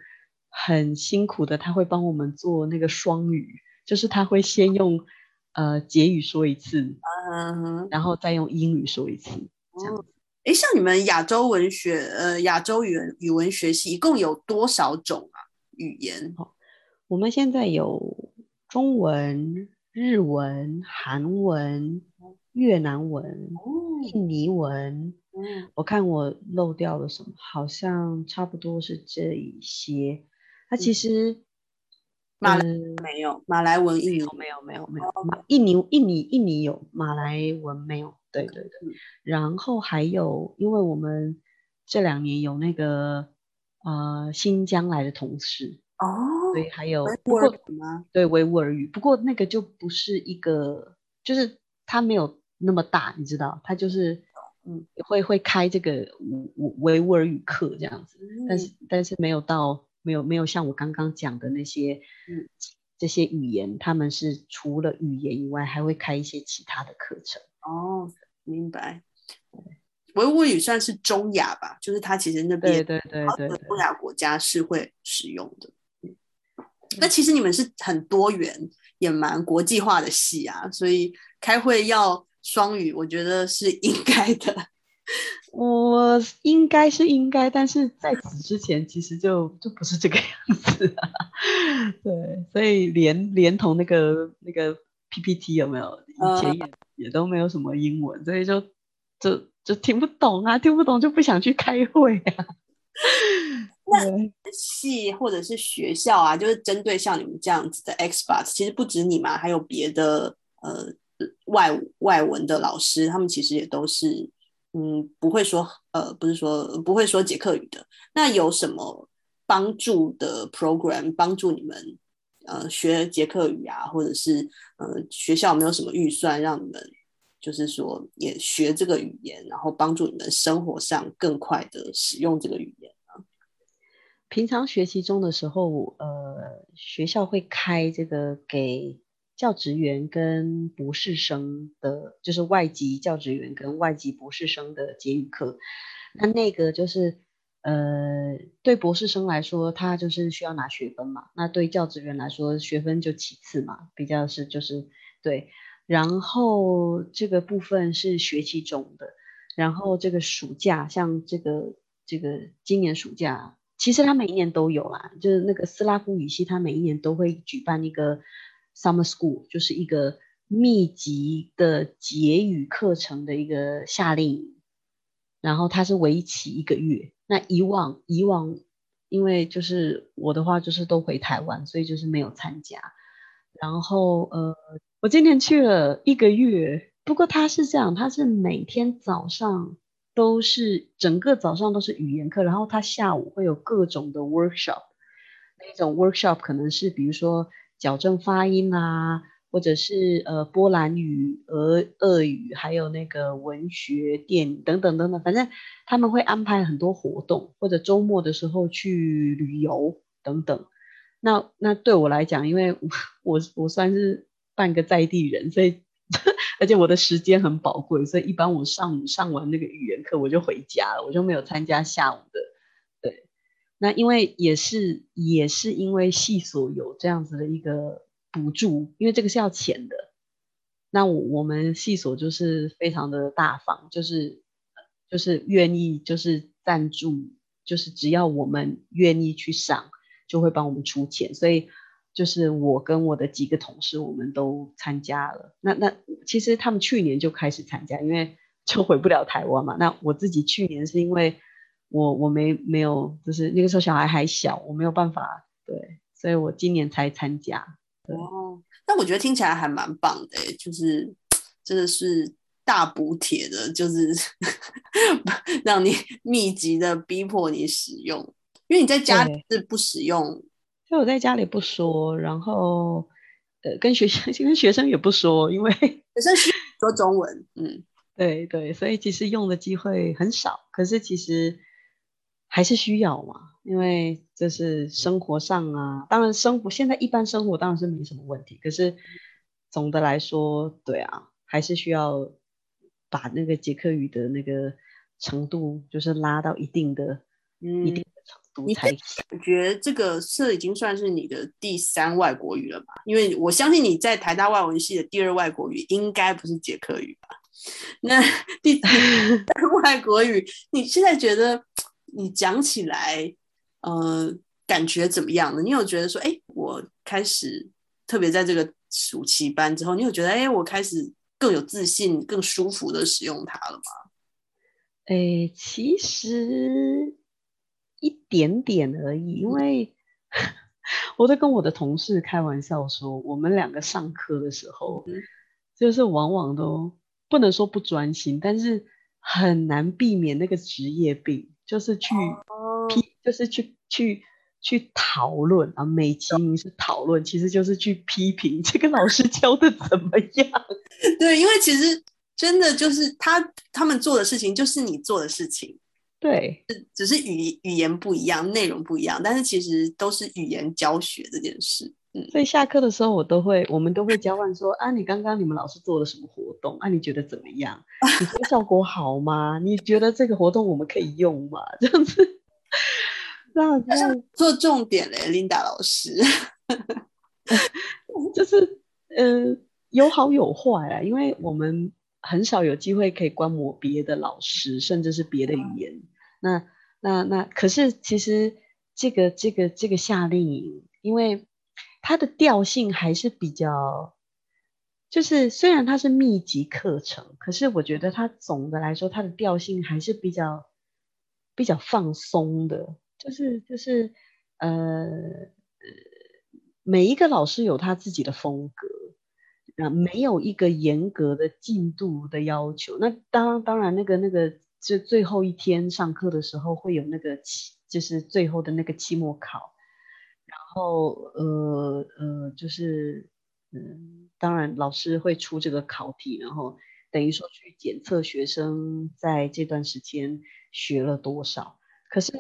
很辛苦的，他會幫我們做那個雙語，就是他會先用呃捷語說一次，uh huh. 然後再用英語說一次。哎、uh huh. 這樣，像你們亞洲文學，呃，亞洲語文語文學系一共有多少種啊？語言？我們現在有中文、日文、韓文、越南文、印尼文。嗯，我看我漏掉了什麼？好像差不多是這一些。它其實、嗯、馬來沒有馬來文，嗯、來文印尼沒有沒有沒有印尼印尼印尼有馬來文沒有，對對對。嗯、然後還有，因為我們這兩年有那個呃新疆來的同事哦，對，還有維吾爾語嗎？對維吾爾語，不過那個就不是一個，就是他沒有那麼大，你知道，他就是嗯會會開這個維吾爾語課這樣子，但是、嗯、但是沒有到。沒有沒有像我剛剛講的那些，嗯、這些語言，他們是除了語言以外，還會開一些其他的課程。哦，明白。維吾爾語算是中亞吧，就是它其實那邊對對，對對對對，中亞國家是會使用的。那、嗯、其實你們是很多元，也蠻國際化的系啊，所以開會要雙語，我覺得是應該的。 我應該是應該，但是在此之前其實就就不是這個樣子啊。對，所以連連同那個那個 PPT 有沒有，以前也，呃，也都沒有什麼英文，所以就就就就聽不懂啊，聽不懂就不想去開會啊。那系或者是學校啊，就是針對像你們這樣子的 X x，其實不止你嘛，還有別的呃外外文的老師，他們其實也都是。嗯，不會說，呃，不是說不會說捷克語的。那有什麼幫助的 program 幫助你們呃學捷克語啊，或者是呃學校有沒有什麼預算讓你們就是說也學這個語言，然後幫助你們生活上更快的使用這個語言呢？啊？平常學習中的時候，呃，學校會開這個給教職員跟博士生的，就是外籍教職員跟外籍博士生的捷語課，那那個就是，呃，對博士生來說，他就是需要拿學分嘛。那對教職員來說，學分就其次嘛，比較是就是對。然後這個部分是學期中的，然後這個暑假，像這個這個今年暑假，其實他每一年都有啦，就是那個斯拉夫語系，他每一年都會舉辦一個。Summer School 就是一個密集的華語課程的一個夏令營，然後它是為期一個月。那以往以往，因為就是我的話就是都回台灣，所以就是沒有參加。然後呃，我今年去了一個月。不過他是這樣，他是每天早上都是整個早上都是語言課，然後他下午會有各種的 workshop。那種 workshop 可能是比如說。矯正發音啊，或者是呃波蘭語、俄俄語，還有那個文學、電影等等等等，反正他們會安排很多活動，或者周末的時候去旅遊等等。那那對我來講，因為我我，我算是半個在地人，所以而且我的時間很寶貴，所以一般我上午上完那個語言課，我就回家了，我就沒有參加下午的。那因為也是也是因為系所有這樣子的一個補助，因為這個是要錢的。那我我們系所就是非常的大方，就是就是願意就是贊助，就是只要我們願意去上，就會幫我們出錢。所以就是我跟我的幾個同事，我們都參加了。那那其實他們去年就開始參加，因為就回不了台灣嘛。那我自己去年是因為。我我沒沒有，就是那個時候小孩還小，我沒有辦法，對，所以我今年才參加。哦，但我覺得聽起來還蠻棒的，欸，就是真的是大補帖的，就是 讓你密集的逼迫你使用，因為你在家裡對是不使用，所以我在家裡不說，然後、呃、跟學生，跟學生也不說，因為學生說中文，嗯， 對對，所以其實用的機會很少，可是其實。還是需要嘛，因為這是生活上啊，當然生活現在一般生活當然是沒什麼問題，可是總的來說，對啊，還是需要把那個捷克語的那個程度，就是拉到一定的，嗯、一定的程度才行。你感覺這個是已經算是你的第三外國語了吧？因為我相信你在台大外文系的第二外國語應該不是捷克語吧？那第三外國語， 你現在覺得？你講起來，呃，感覺怎麼樣呢？你有覺得說，哎、欸，我開始特別在這個暑期班之後，你有覺得，哎、欸，我開始更有自信、更舒服的使用它了嗎？哎、欸，其實一點點而已，嗯、因為我在跟我的同事開玩笑說，我們兩個上課的時候，嗯、就是往往都、嗯、不能說不專心，但是很難避免那個職業病。就是去批，oh. 就是去去去討論啊！美其名是討論，其實就是去批評這個老師教的怎麼樣。對，因為其實真的就是他他們做的事情，就是你做的事情。對，只是語語言不一樣，內容不一樣，但是其實都是語言教學這件事。嗯、所以下課的時候，我都會，我們都會交換說：啊，你剛剛你們老師做了什麼活動？啊，你覺得怎麼樣？ 你覺得效果好嗎？你覺得這個活動我們可以用嗎？這樣子，做重點嘞 l i 老師， 就是嗯、呃，有好有壞啊，因為我們很少有機會可以觀摩別的老師，甚至是別的語言。嗯、那那那，可是其實這個這個這個夏令營，因為。它的調性還是比較，就是雖然它是密集課程，可是我覺得它總的來說它的調性還是比較比較放鬆的，就是就是呃呃，每一個老師有他自己的風格，那沒有一個嚴格的進度的要求。那當當然那個那個，就最後一天上課的時候會有那個期，就是最後的那個期末考。然後，呃呃，就是，嗯，當然，老師會出這個考題，然後等於說去檢測學生在這段時間學了多少。可是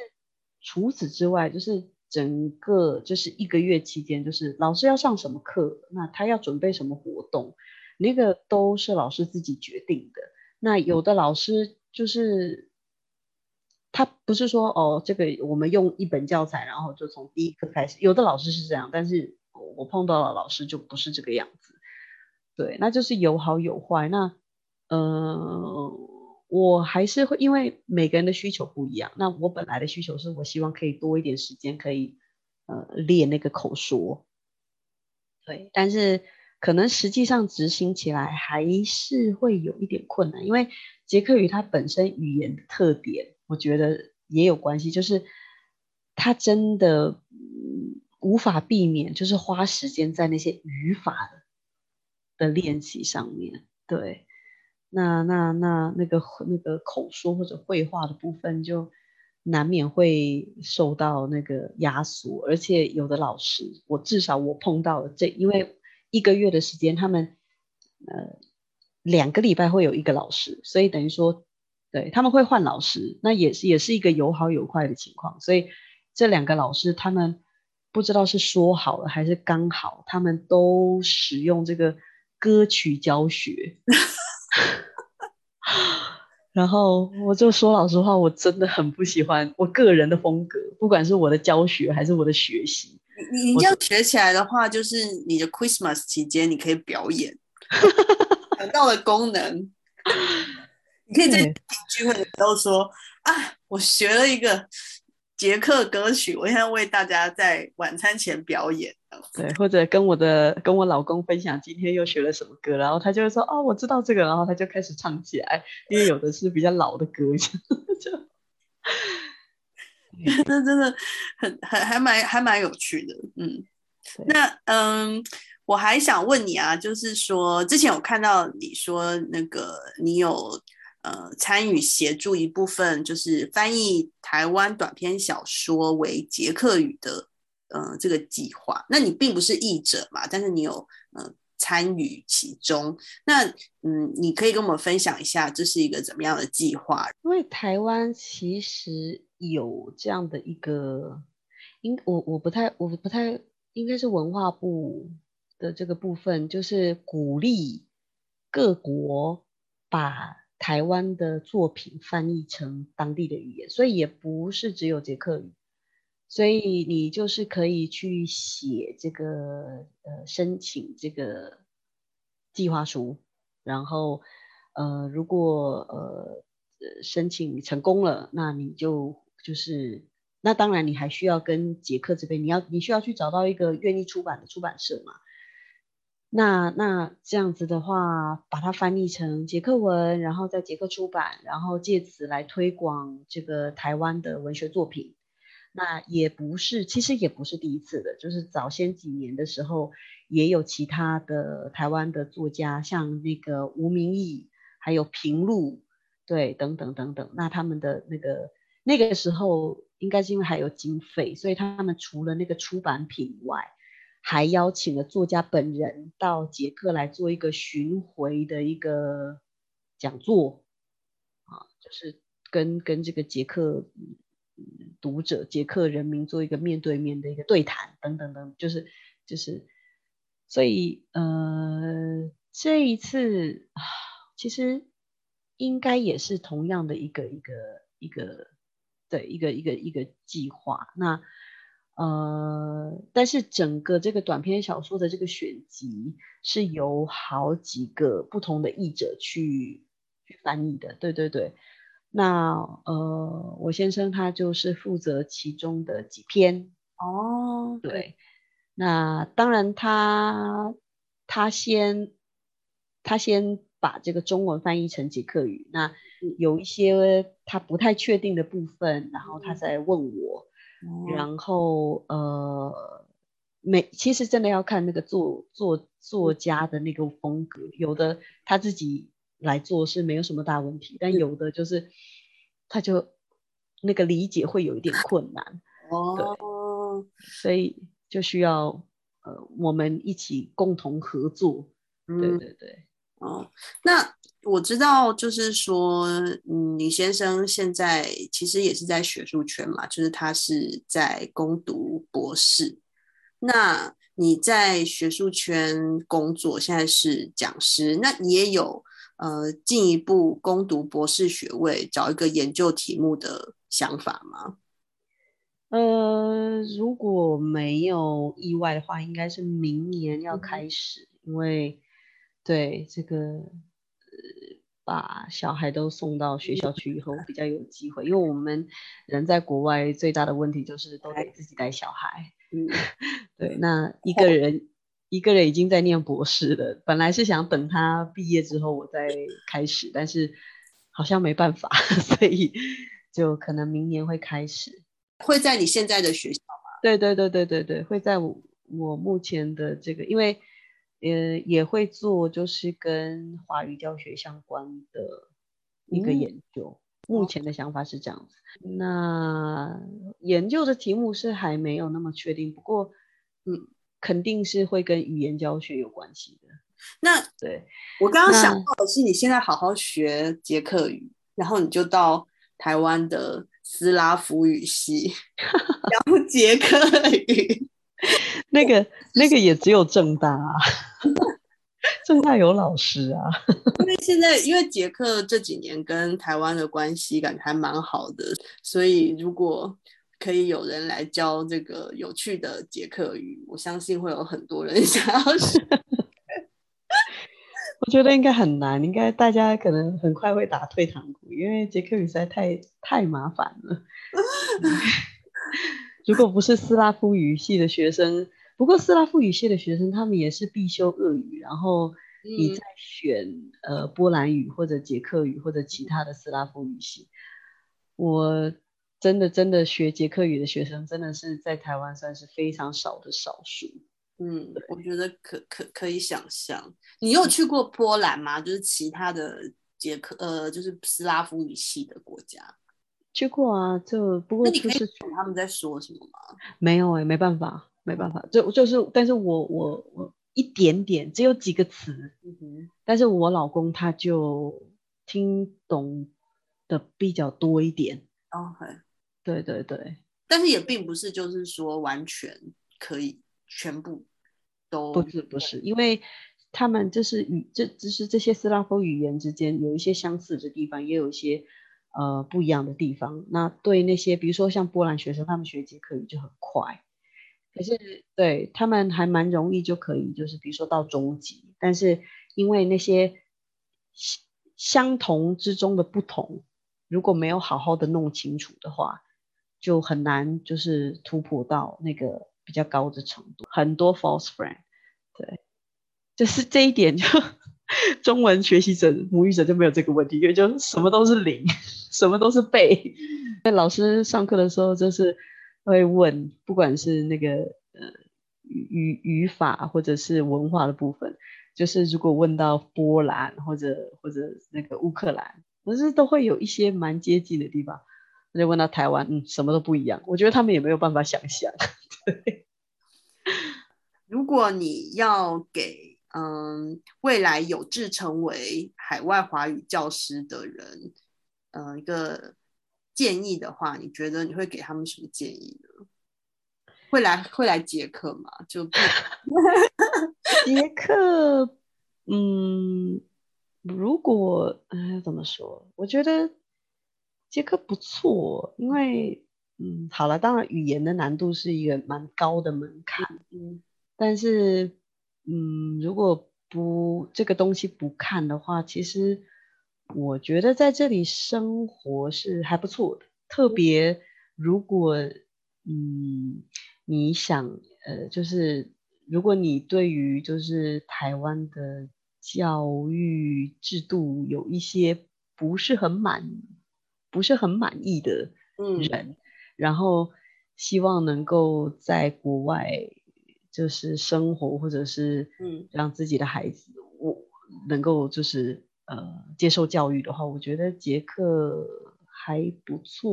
除此之外，就是整個就是一個月期間，就是老師要上什麼課，那他要準備什麼活動，那個都是老師自己決定的。那有的老師就是。他不是說哦，這個我們用一本教材，然後就從第一課開始。有的老師是這樣，但是我碰到的老師就不是這個樣子。對，那就是有好有壞。那，呃，我還是會因為每個人的需求不一樣。那我本來的需求是我希望可以多一點時間可以，呃，練那個口說。對，但是可能實際上執行起來還是會有一點困難，因為捷克語它本身語言的特點。我覺得也有關係，就是他真的、嗯、無法避免，就是花時間在那些語法的練習上面。對，那那那那那個那個口說或者會話的部分，就難免會受到那個壓縮。而且有的老師，我至少我碰到了這，因為一個月的時間，他們呃兩個禮拜會有一個老師，所以等於說。對，他們會換老師，那也是也是一個有好有壞的情況。所以這兩個老師，他們不知道是說好了還是剛好，他們都使用這個歌曲教學。 然後我就說老實話，我真的很不喜歡我個人的風格，不管是我的教學還是我的學習。你你這樣學起來的話，就是你的 Christmas 期間你可以表演，很 到了功能。 你可以在聚會的時候說，對啊，我學了一個捷克歌曲，我現在為大家在晚餐前表演。對，或者跟我的跟我老公分享今天又學了什麼歌，然後他就會說哦，我知道這個，然後他就開始唱起來。因為有的是比較老的歌， 就 對 那真的很很還蠻還蠻有趣的。嗯，對那嗯，我還想問你啊，就是說之前我看到你說那個你有。呃，參與協助一部分就是翻譯台灣短篇小說為捷克語的，呃，這個計劃。那你並不是譯者嘛，但是你有呃參與其中。那嗯，你可以跟我們分享一下這是一個怎麼樣的計劃？因為台灣其實有這樣的一個，應我我不太我不太應該是文化部的這個部分，就是鼓勵各國把。台灣的作品翻譯成當地的語言，所以也不是只有捷克語，所以你就是可以去寫這個呃申請這個計劃書，然後呃如果呃呃申請成功了，那你就就是那當然你還需要跟捷克這邊，你要你需要去找到一個願意出版的出版社嘛。那那這樣子的話，把它翻譯成捷克文，然後在捷克出版，然後借此來推廣這個台灣的文學作品，那也不是，其實也不是第一次的，就是早先幾年的時候，也有其他的台灣的作家，像那個吳明益，還有平路，對，等等等等，那他們的那個那個時候，應該是因為還有經費，所以他們除了那個出版品以外。還邀請了作家本人到捷克來做一個巡迴的一個講座，啊，就是跟跟這個捷克、嗯、讀者、捷克人民做一個面對面的一個對談，等等等，就是就是，所以呃，這一次、啊、其實應該也是同樣的一個一個一個對一個一個一個計劃，那。呃，但是整個這個短篇小說的這個選集是由好幾個不同的譯者去去翻譯的，對對對。那呃，我先生他就是負責其中的幾篇哦，對。那當然他，他他先他先把這個中文翻譯成捷克語，那有一些他不太確定的部分，然後他再問我。嗯然後，呃，沒其實真的要看那個作作作家的那個風格，有的他自己來做是沒有什麼大問題，但有的就是他就那個理解會有一點困難，哦、對，所以就需要呃我們一起共同合作，嗯、對對對，哦，那。我知道，就是說，嗯，你先生現在其實也是在學術圈嘛，就是他是在攻讀博士。那你在學術圈工作，現在是講師，那也有呃進一步攻讀博士學位，找一個研究題目的想法嗎？呃，如果沒有意外的話，應該是明年要開始，嗯、因為對這個。把小孩都送到學校去以後，比較有機會，因為我們人在國外最大的問題就是都得自己帶小孩。嗯，對，那一個人、哦、一個人已經在念博士了，本來是想等他畢業之後我再開始，但是好像沒辦法，所以就可能明年會開始，會在你現在的學校嗎？對對對對對對，會在我，我目前的這個，因為。也也會做，就是跟華語教學相關的一個研究。嗯、目前的想法是這樣子，嗯、那研究的題目是還沒有那麼確定，不過，嗯，肯定是會跟語言教學有關係的。那對，我剛剛想到的是，你現在好好學捷克語，那然後你就到台灣的斯拉夫語系， 然後捷克語。那個那個也只有正大啊，正大有老師啊。因為現在因為捷克這幾年跟台灣的關係感覺還蠻好的，所以如果可以有人來教這個有趣的捷克語，我相信會有很多人想要學。 我覺得應該很難，應該大家可能很快會打退堂鼓，因為捷克語實在太，太麻煩了。 如果不是斯拉夫語系的學生，不過斯拉夫語系的學生，他們也是必修俄語，然後你再選、嗯、呃波蘭語或者捷克語或者其他的斯拉夫語系。我真的真的學捷克語的學生真的是在台灣算是非常少的少數。嗯，我覺得可可可以想象你有去過波蘭嗎？就是其他的捷克呃，就是斯拉夫語系的國家。去過啊，就不過就是他們在說什麼嗎？沒有哎、欸，沒辦法，沒辦法。就就是，但是我我我一點點，只有幾個詞。嗯、哼但是我老公他就聽懂的比較多一點。哦，對。對對對。但是也並不是就是說完全可以全部都對。不是不是，因為他們就是與這、就是這些斯拉夫語言之間有一些相似的地方，也有一些。呃，不一樣的地方，那對那些，比如說像波蘭學生，他們學捷克語就很快，可是對他們還蠻容易就可以，就是比如說到中級，但是因為那些相同之中的不同，如果沒有好好的弄清楚的話，就很難就是突破到那個比較高的程度，很多 false friend，對，就是這一點就。 中文學習者、母語者就沒有這個問題，因為就什麼都是零，什麼都是背。那老師上課的時候，就是會問，不管是那個呃語語法，或者是文化的部分，就是如果問到波蘭或者或者那個烏克蘭，可是都會有一些蠻接近的地方。就問到台灣，嗯，什麼都不一樣。我覺得他們也沒有辦法想象。對，如果你要給。嗯，未來有志成為海外華語教師的人，嗯，一個建議的話，你覺得你會給他們什麼建議呢？會來會來捷克嗎？就捷克？ 嗯，如果嗯怎麼說？我覺得捷克不錯，因為嗯，好了，當然語言的難度是一個蠻高的門檻，嗯，但是。嗯，如果不這個東西不看的話，其實我覺得在這裡生活是還不錯的。特別如果嗯你想呃，就是如果你對於就是台灣的教育制度有一些不是很滿不是很滿意的人，嗯，然後希望能夠在國外。就是生活，或者是嗯，讓自己的孩子、嗯、我能夠就是呃接受教育的話，我覺得捷克還不錯，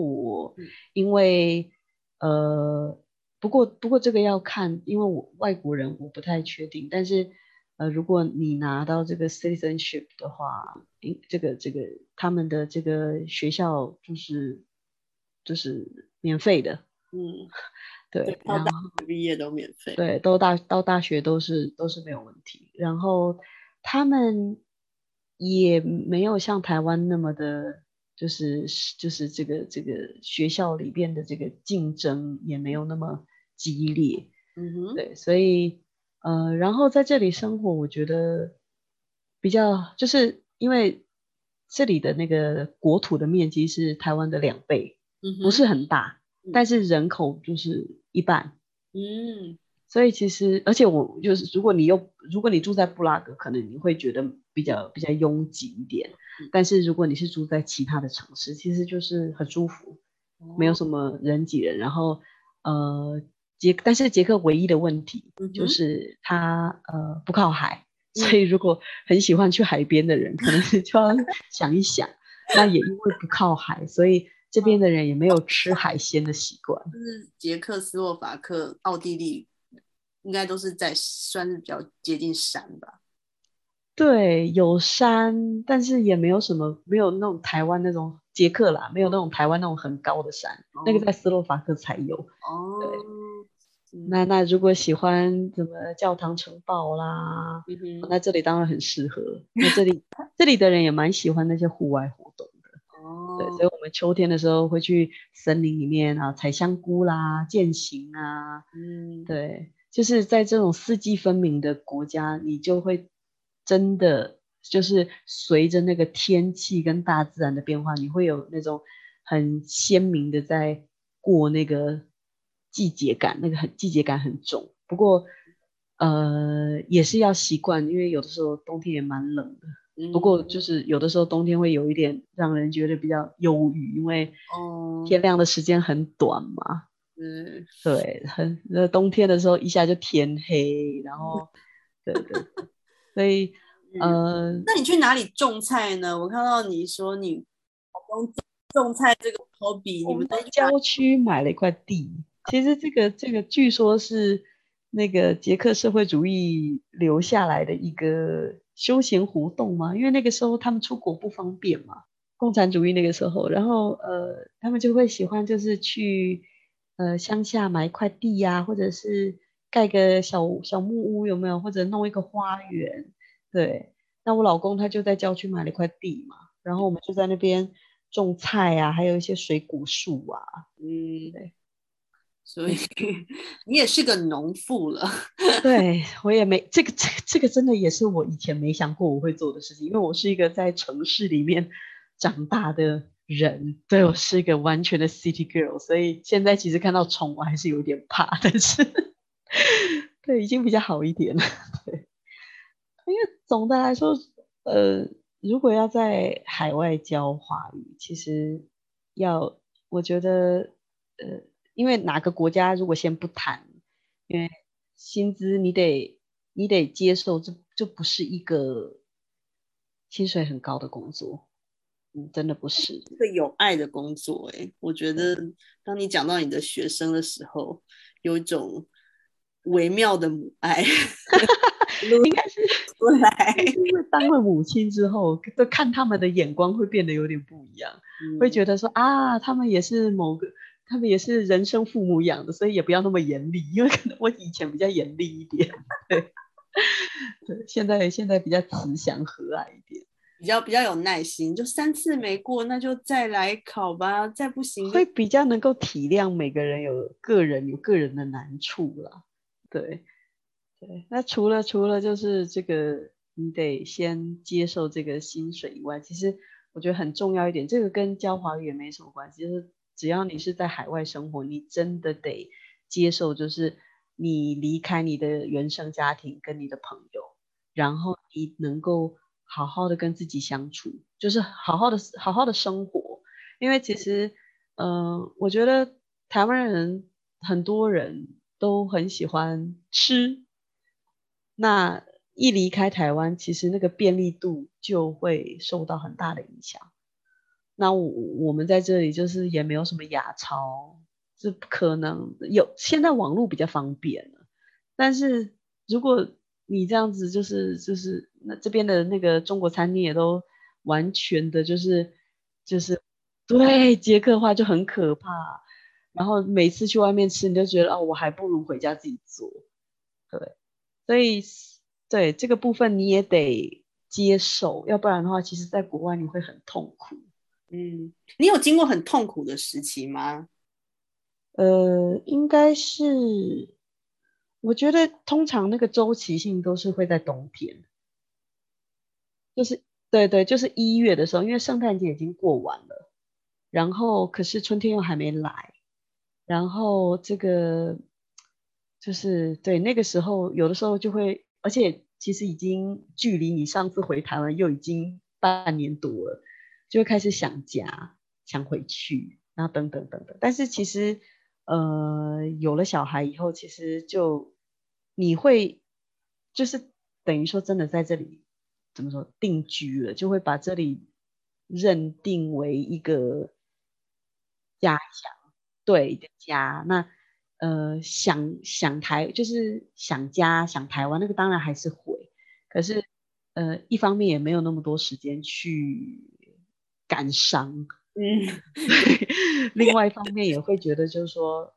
哦，嗯、因為呃不過不過這個要看，因為我外國人我不太確定，但是呃如果你拿到這個 citizenship 的話，這個這個他們的這個學校就是就是免費的，嗯。對，對，然後到大學畢業都免費。對，到大到大學都是都是沒有問題。然後他們也沒有像台灣那麼的，就是就是這個這個學校裡邊的這個競爭也沒有那麼激烈。嗯哼，對，所以呃，然後在這裡生活，我覺得比較就是因為這裡的那個國土的面積是台灣的兩倍，嗯哼，不是很大，嗯，但是人口就是。一半，嗯，所以其實，而且我就是，如果你又如果你住在布拉格，可能你會覺得比較比較擁擠一點。嗯、但是如果你是住在其他的城市，其實就是很舒服，嗯、沒有什麼人擠人。然後，呃，捷，但是捷克唯一的問題嗯嗯就是他呃不靠海，嗯、所以如果很喜歡去海邊的人，嗯、可能是就要想一想。 那也因為不靠海，所以。這邊的人也沒有吃海鮮的習慣。就、哦、是捷克斯洛伐克、奧地利應該都是在算是比較接近山吧？對，有山，但是也沒有什麼，沒有那種台灣那種捷克啦，沒有那種台灣那種很高的山，哦，那個在斯洛伐克才有。哦，對，哦、那那如果喜歡什麼教堂、城堡啦，嗯嗯嗯、那這裡當然很適合。那這裡 這裡的人也蠻喜歡那些戶外活動。對，所以我們秋天的時候會去森林裡面啊採香菇啦、健行啊，嗯，對，就是在這種四季分明的國家，你就會真的就是隨着那個天氣跟大自然的變化，你會有那種很鮮明的在過那個季節感，那個很季節感很重。不過，呃，也是要習慣，因為有的時候冬天也蠻冷的。不過就是有的時候冬天會有一點讓人覺得比較憂鬱，因為天亮的時間很短嘛。嗯，對，很那冬天的時候一下就天黑，然後對，對對， 所以呃，嗯嗯、那你去哪裡種菜呢？我看到你說你老公種菜這個 hobby 你們在郊區買了一塊地。其實這個這個據說是那個捷克社會主義留下來的一個。休閒活動嘛，因為那個時候他們出國不方便嘛，共產主義那個時候，然後呃，他們就會喜歡就是去呃鄉下買一塊地呀、啊，或者是蓋個小小木屋，有沒有？或者弄一個花園？對，那我老公他就在郊區買了一塊地嘛，然後我們就在那邊種菜啊，還有一些水果樹啊，嗯，對。所以你也是個農婦了？ 對，我也沒這個這個、這個真的也是我以前沒想過我會做的事情，因為我是一個在城市裡面長大的人。對，我是一個完全的 city girl，所以現在其實看到蟲我還是有點怕，但是 對，已經比較好一點了，對，因為總的來說，呃，如果要在海外教華語，其實要我覺得呃。因為哪個國家如果先不談，因為薪資你得你得接受就，這這不是一個薪水很高的工作，嗯，真的不是一個有愛的工作、欸。哎，我覺得當你講到你的學生的時候，有一種微妙的母愛，應該是出來，因為當了母親之後， 都看他們的眼光會變得有點不一樣，嗯、會覺得說啊，他們也是某個。他們也是人生父母養的，所以也不要那麼嚴厲，因為可能我以前比較嚴厲一點，對對，現在現在比較慈祥和藹一點，比較比較有耐心。就三次沒過，那就再來考吧，再不行會比較能夠體諒每個人有個人有個人的難處了。對對，那除了除了就是這個，你得先接受這個薪水以外，其實我覺得很重要一點，這個跟教華語也沒什麼關係，就是。只要你是在海外生活，你真的得接受，就是你離開你的原生家庭跟你的朋友，然後你能夠好好的跟自己相處，就是好好的好好的生活。因為其實，嗯、呃，我覺得台灣人很多人都很喜歡吃，那一離開台灣，其實那個便利度就會受到很大的影響。那我我們在這裡就是也沒有什麼亞超，是不可能有。現在網絡比較方便，但是如果你這樣子就是就是，那這邊的那個中國餐廳也都完全的就是就是，對，捷克的話就很可怕。然後每次去外面吃，你就覺得啊、哦，我還不如回家自己做。對，所以對這個部分你也得接受，要不然的話，其實在國外你會很痛苦。嗯，你有經過很痛苦的時期嗎？呃，應該是，我覺得通常那個周期性都是會在冬天，就是對對，就是一月的時候，因為聖誕節已經過完了，然後可是春天又還沒來，然後這個就是對那個時候，有的時候就會，而且其實已經距離你上次回台灣又已經半年多了。就會開始想家，想回去，然後等等等等。但是其實，呃，有了小孩以後，其實就你會就是等於說真的在這裡怎麼說定居了，就會把這裡認定為一個家鄉，對，一個家。那呃，想想台就是想家，想台灣，那個當然還是會。可是呃，一方面也沒有那麼多時間去。感傷，嗯， 另外一方面也會覺得，就是說，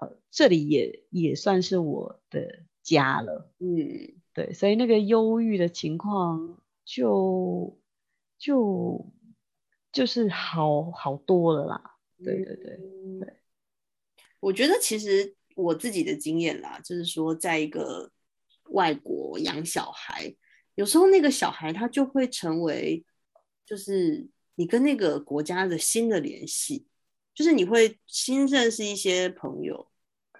呃，這裡也也算是我的家了，嗯，對，所以那個憂鬱的情況就就就是好好多了啦，對對對、嗯、對。我覺得其實我自己的經驗啦，就是說，在一個外國養小孩，有時候那個小孩他就會成為就是。你跟那個國家的新的聯繫，就是你會新認識一些朋友，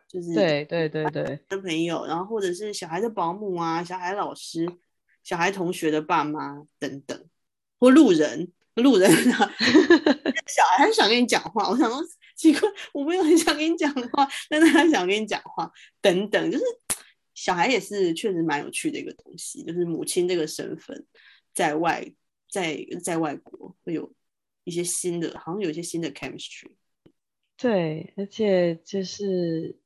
就是對對對對的朋友，然後或者是小孩的保姆啊、小孩老師、小孩同學的爸媽等等，或路人路人啊， 小孩還想跟你講話，我想說奇怪，我沒有很想跟你講話，但是他想跟你講話等等，就是小孩也是確實蠻有趣的一個東西，就是母親這個身份在外。在在外國會有一些新的，好像有一些新的 chemistry。對，而且就是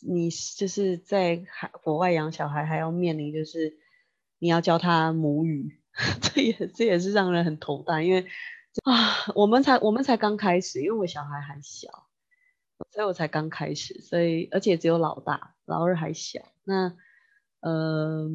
你就是在海國外養小孩，還要面臨就是你要教他母語，這也這也是讓人很頭大，因為啊，我們才我們才剛開始，因為我小孩還小，所以我才剛開始，所以而且只有老大，老二還小，那呃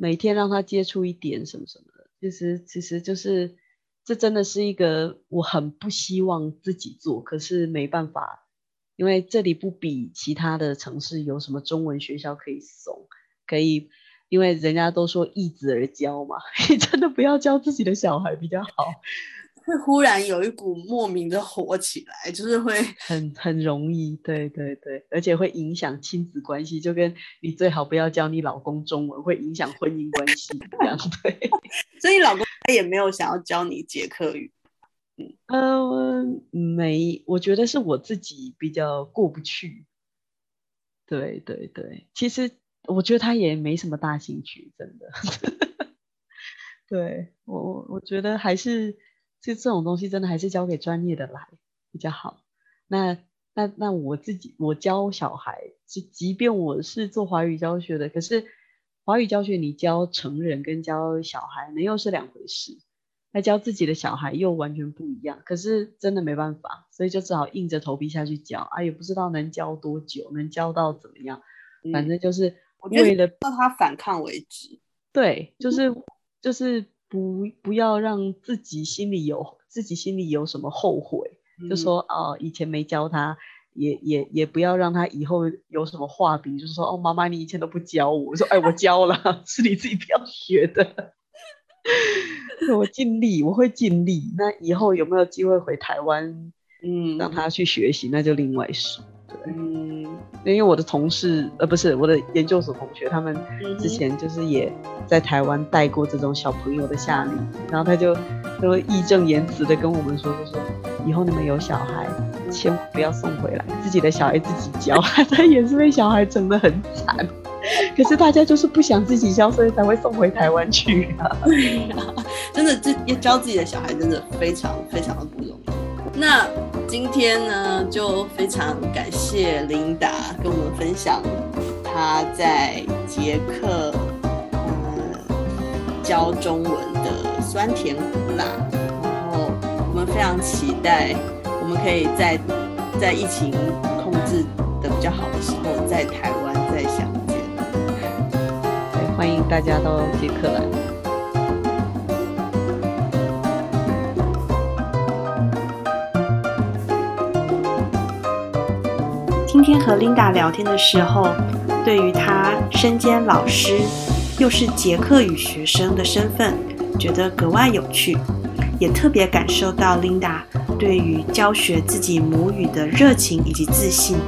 每天讓他接觸一點什麼什麼。其實其實就是，這真的是一個我很不希望自己做，可是沒辦法，因為這裡不比其他的城市有什麼中文學校可以送，可以，因為人家都說易子而教嘛，你真的不要教自己的小孩比較好。 會忽然有一股莫名的火起來，就是會很很容易，對對對，而且會影響親子關係，就跟你最好不要教你老公中文，會影響婚姻關係， 這樣對。所以老公他也沒有想要教你捷克語，嗯，呃、沒，我覺得是我自己比較過不去，對對對，其實我覺得他也沒什麼大興趣，真的， 對我我我覺得還是。就這種東西，真的還是交給專業的來比較好。那、那、那我自己，我教小孩，即便我是做華語教學的，可是華語教學你教成人跟教小孩，那又是兩回事。那教自己的小孩又完全不一樣。可是真的沒辦法，所以就只好硬着頭皮下去教啊，也不知道能教多久，能教到怎麼樣。嗯、反正就是為了到他反抗為止。對，就是、嗯、就是。不，不要讓自己心裡有自己心裡有什麼後悔，嗯、就說啊、哦，以前沒教他，也也也不要讓他以後有什麼話，比如就是說，哦，媽媽你以前都不教我，我說哎，我教了， 是你自己不要學的。 我盡力，我會盡力。嗯、那以後有沒有機會回台灣，嗯，讓他去學習，那就另外說。嗯，因為我的同事，呃，不是我的研究所同學，他們之前就是也在台灣帶過這種小朋友的夏令，嗯、然後他就就會義正言辭的跟我們說，就說以後你們有小孩，千萬不要送回來，自己的小孩自己教， 他也是被小孩整得很慘，可是大家就是不想自己教，所以才會送回台灣去啊， 真的，這教自己的小孩真的非常非常的不容易。那今天呢，就非常感謝琳達跟我們分享她在捷克，呃、教中文的酸甜苦辣，然後我們非常期待，我們可以在在疫情控制的比較好的時候，在台灣再相見，欸。歡迎大家到捷克來。今天和 Linda 聊天的時候，對於她身兼老師，又是捷克語學生的身份，覺得格外有趣，也特別感受到 Linda 對於教學自己母語的熱情以及自信。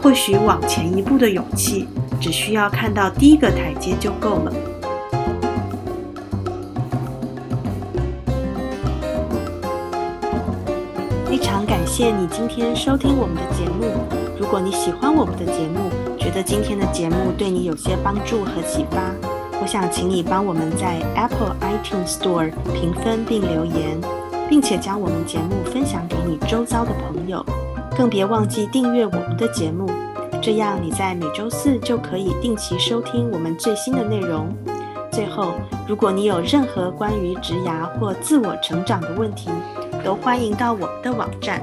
或許往前一步的勇氣，只需要看到第一個台階就夠了。謝謝你今天收聽我們的節目。如果你喜歡我們的節目，覺得今天的節目對你有些幫助和啟發，我想請你幫我們在 Apple iTunes Store 評分並留言，並且將我們節目分享給你周遭的朋友。更別忘記訂閱我們的節目，這樣你在每周四就可以定期收聽我們最新的內容。最後，如果你有任何關於職涯或自我成長的問題，都歡迎到我們的網站。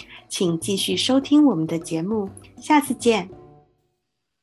請繼續收聽我們的節目，下次見。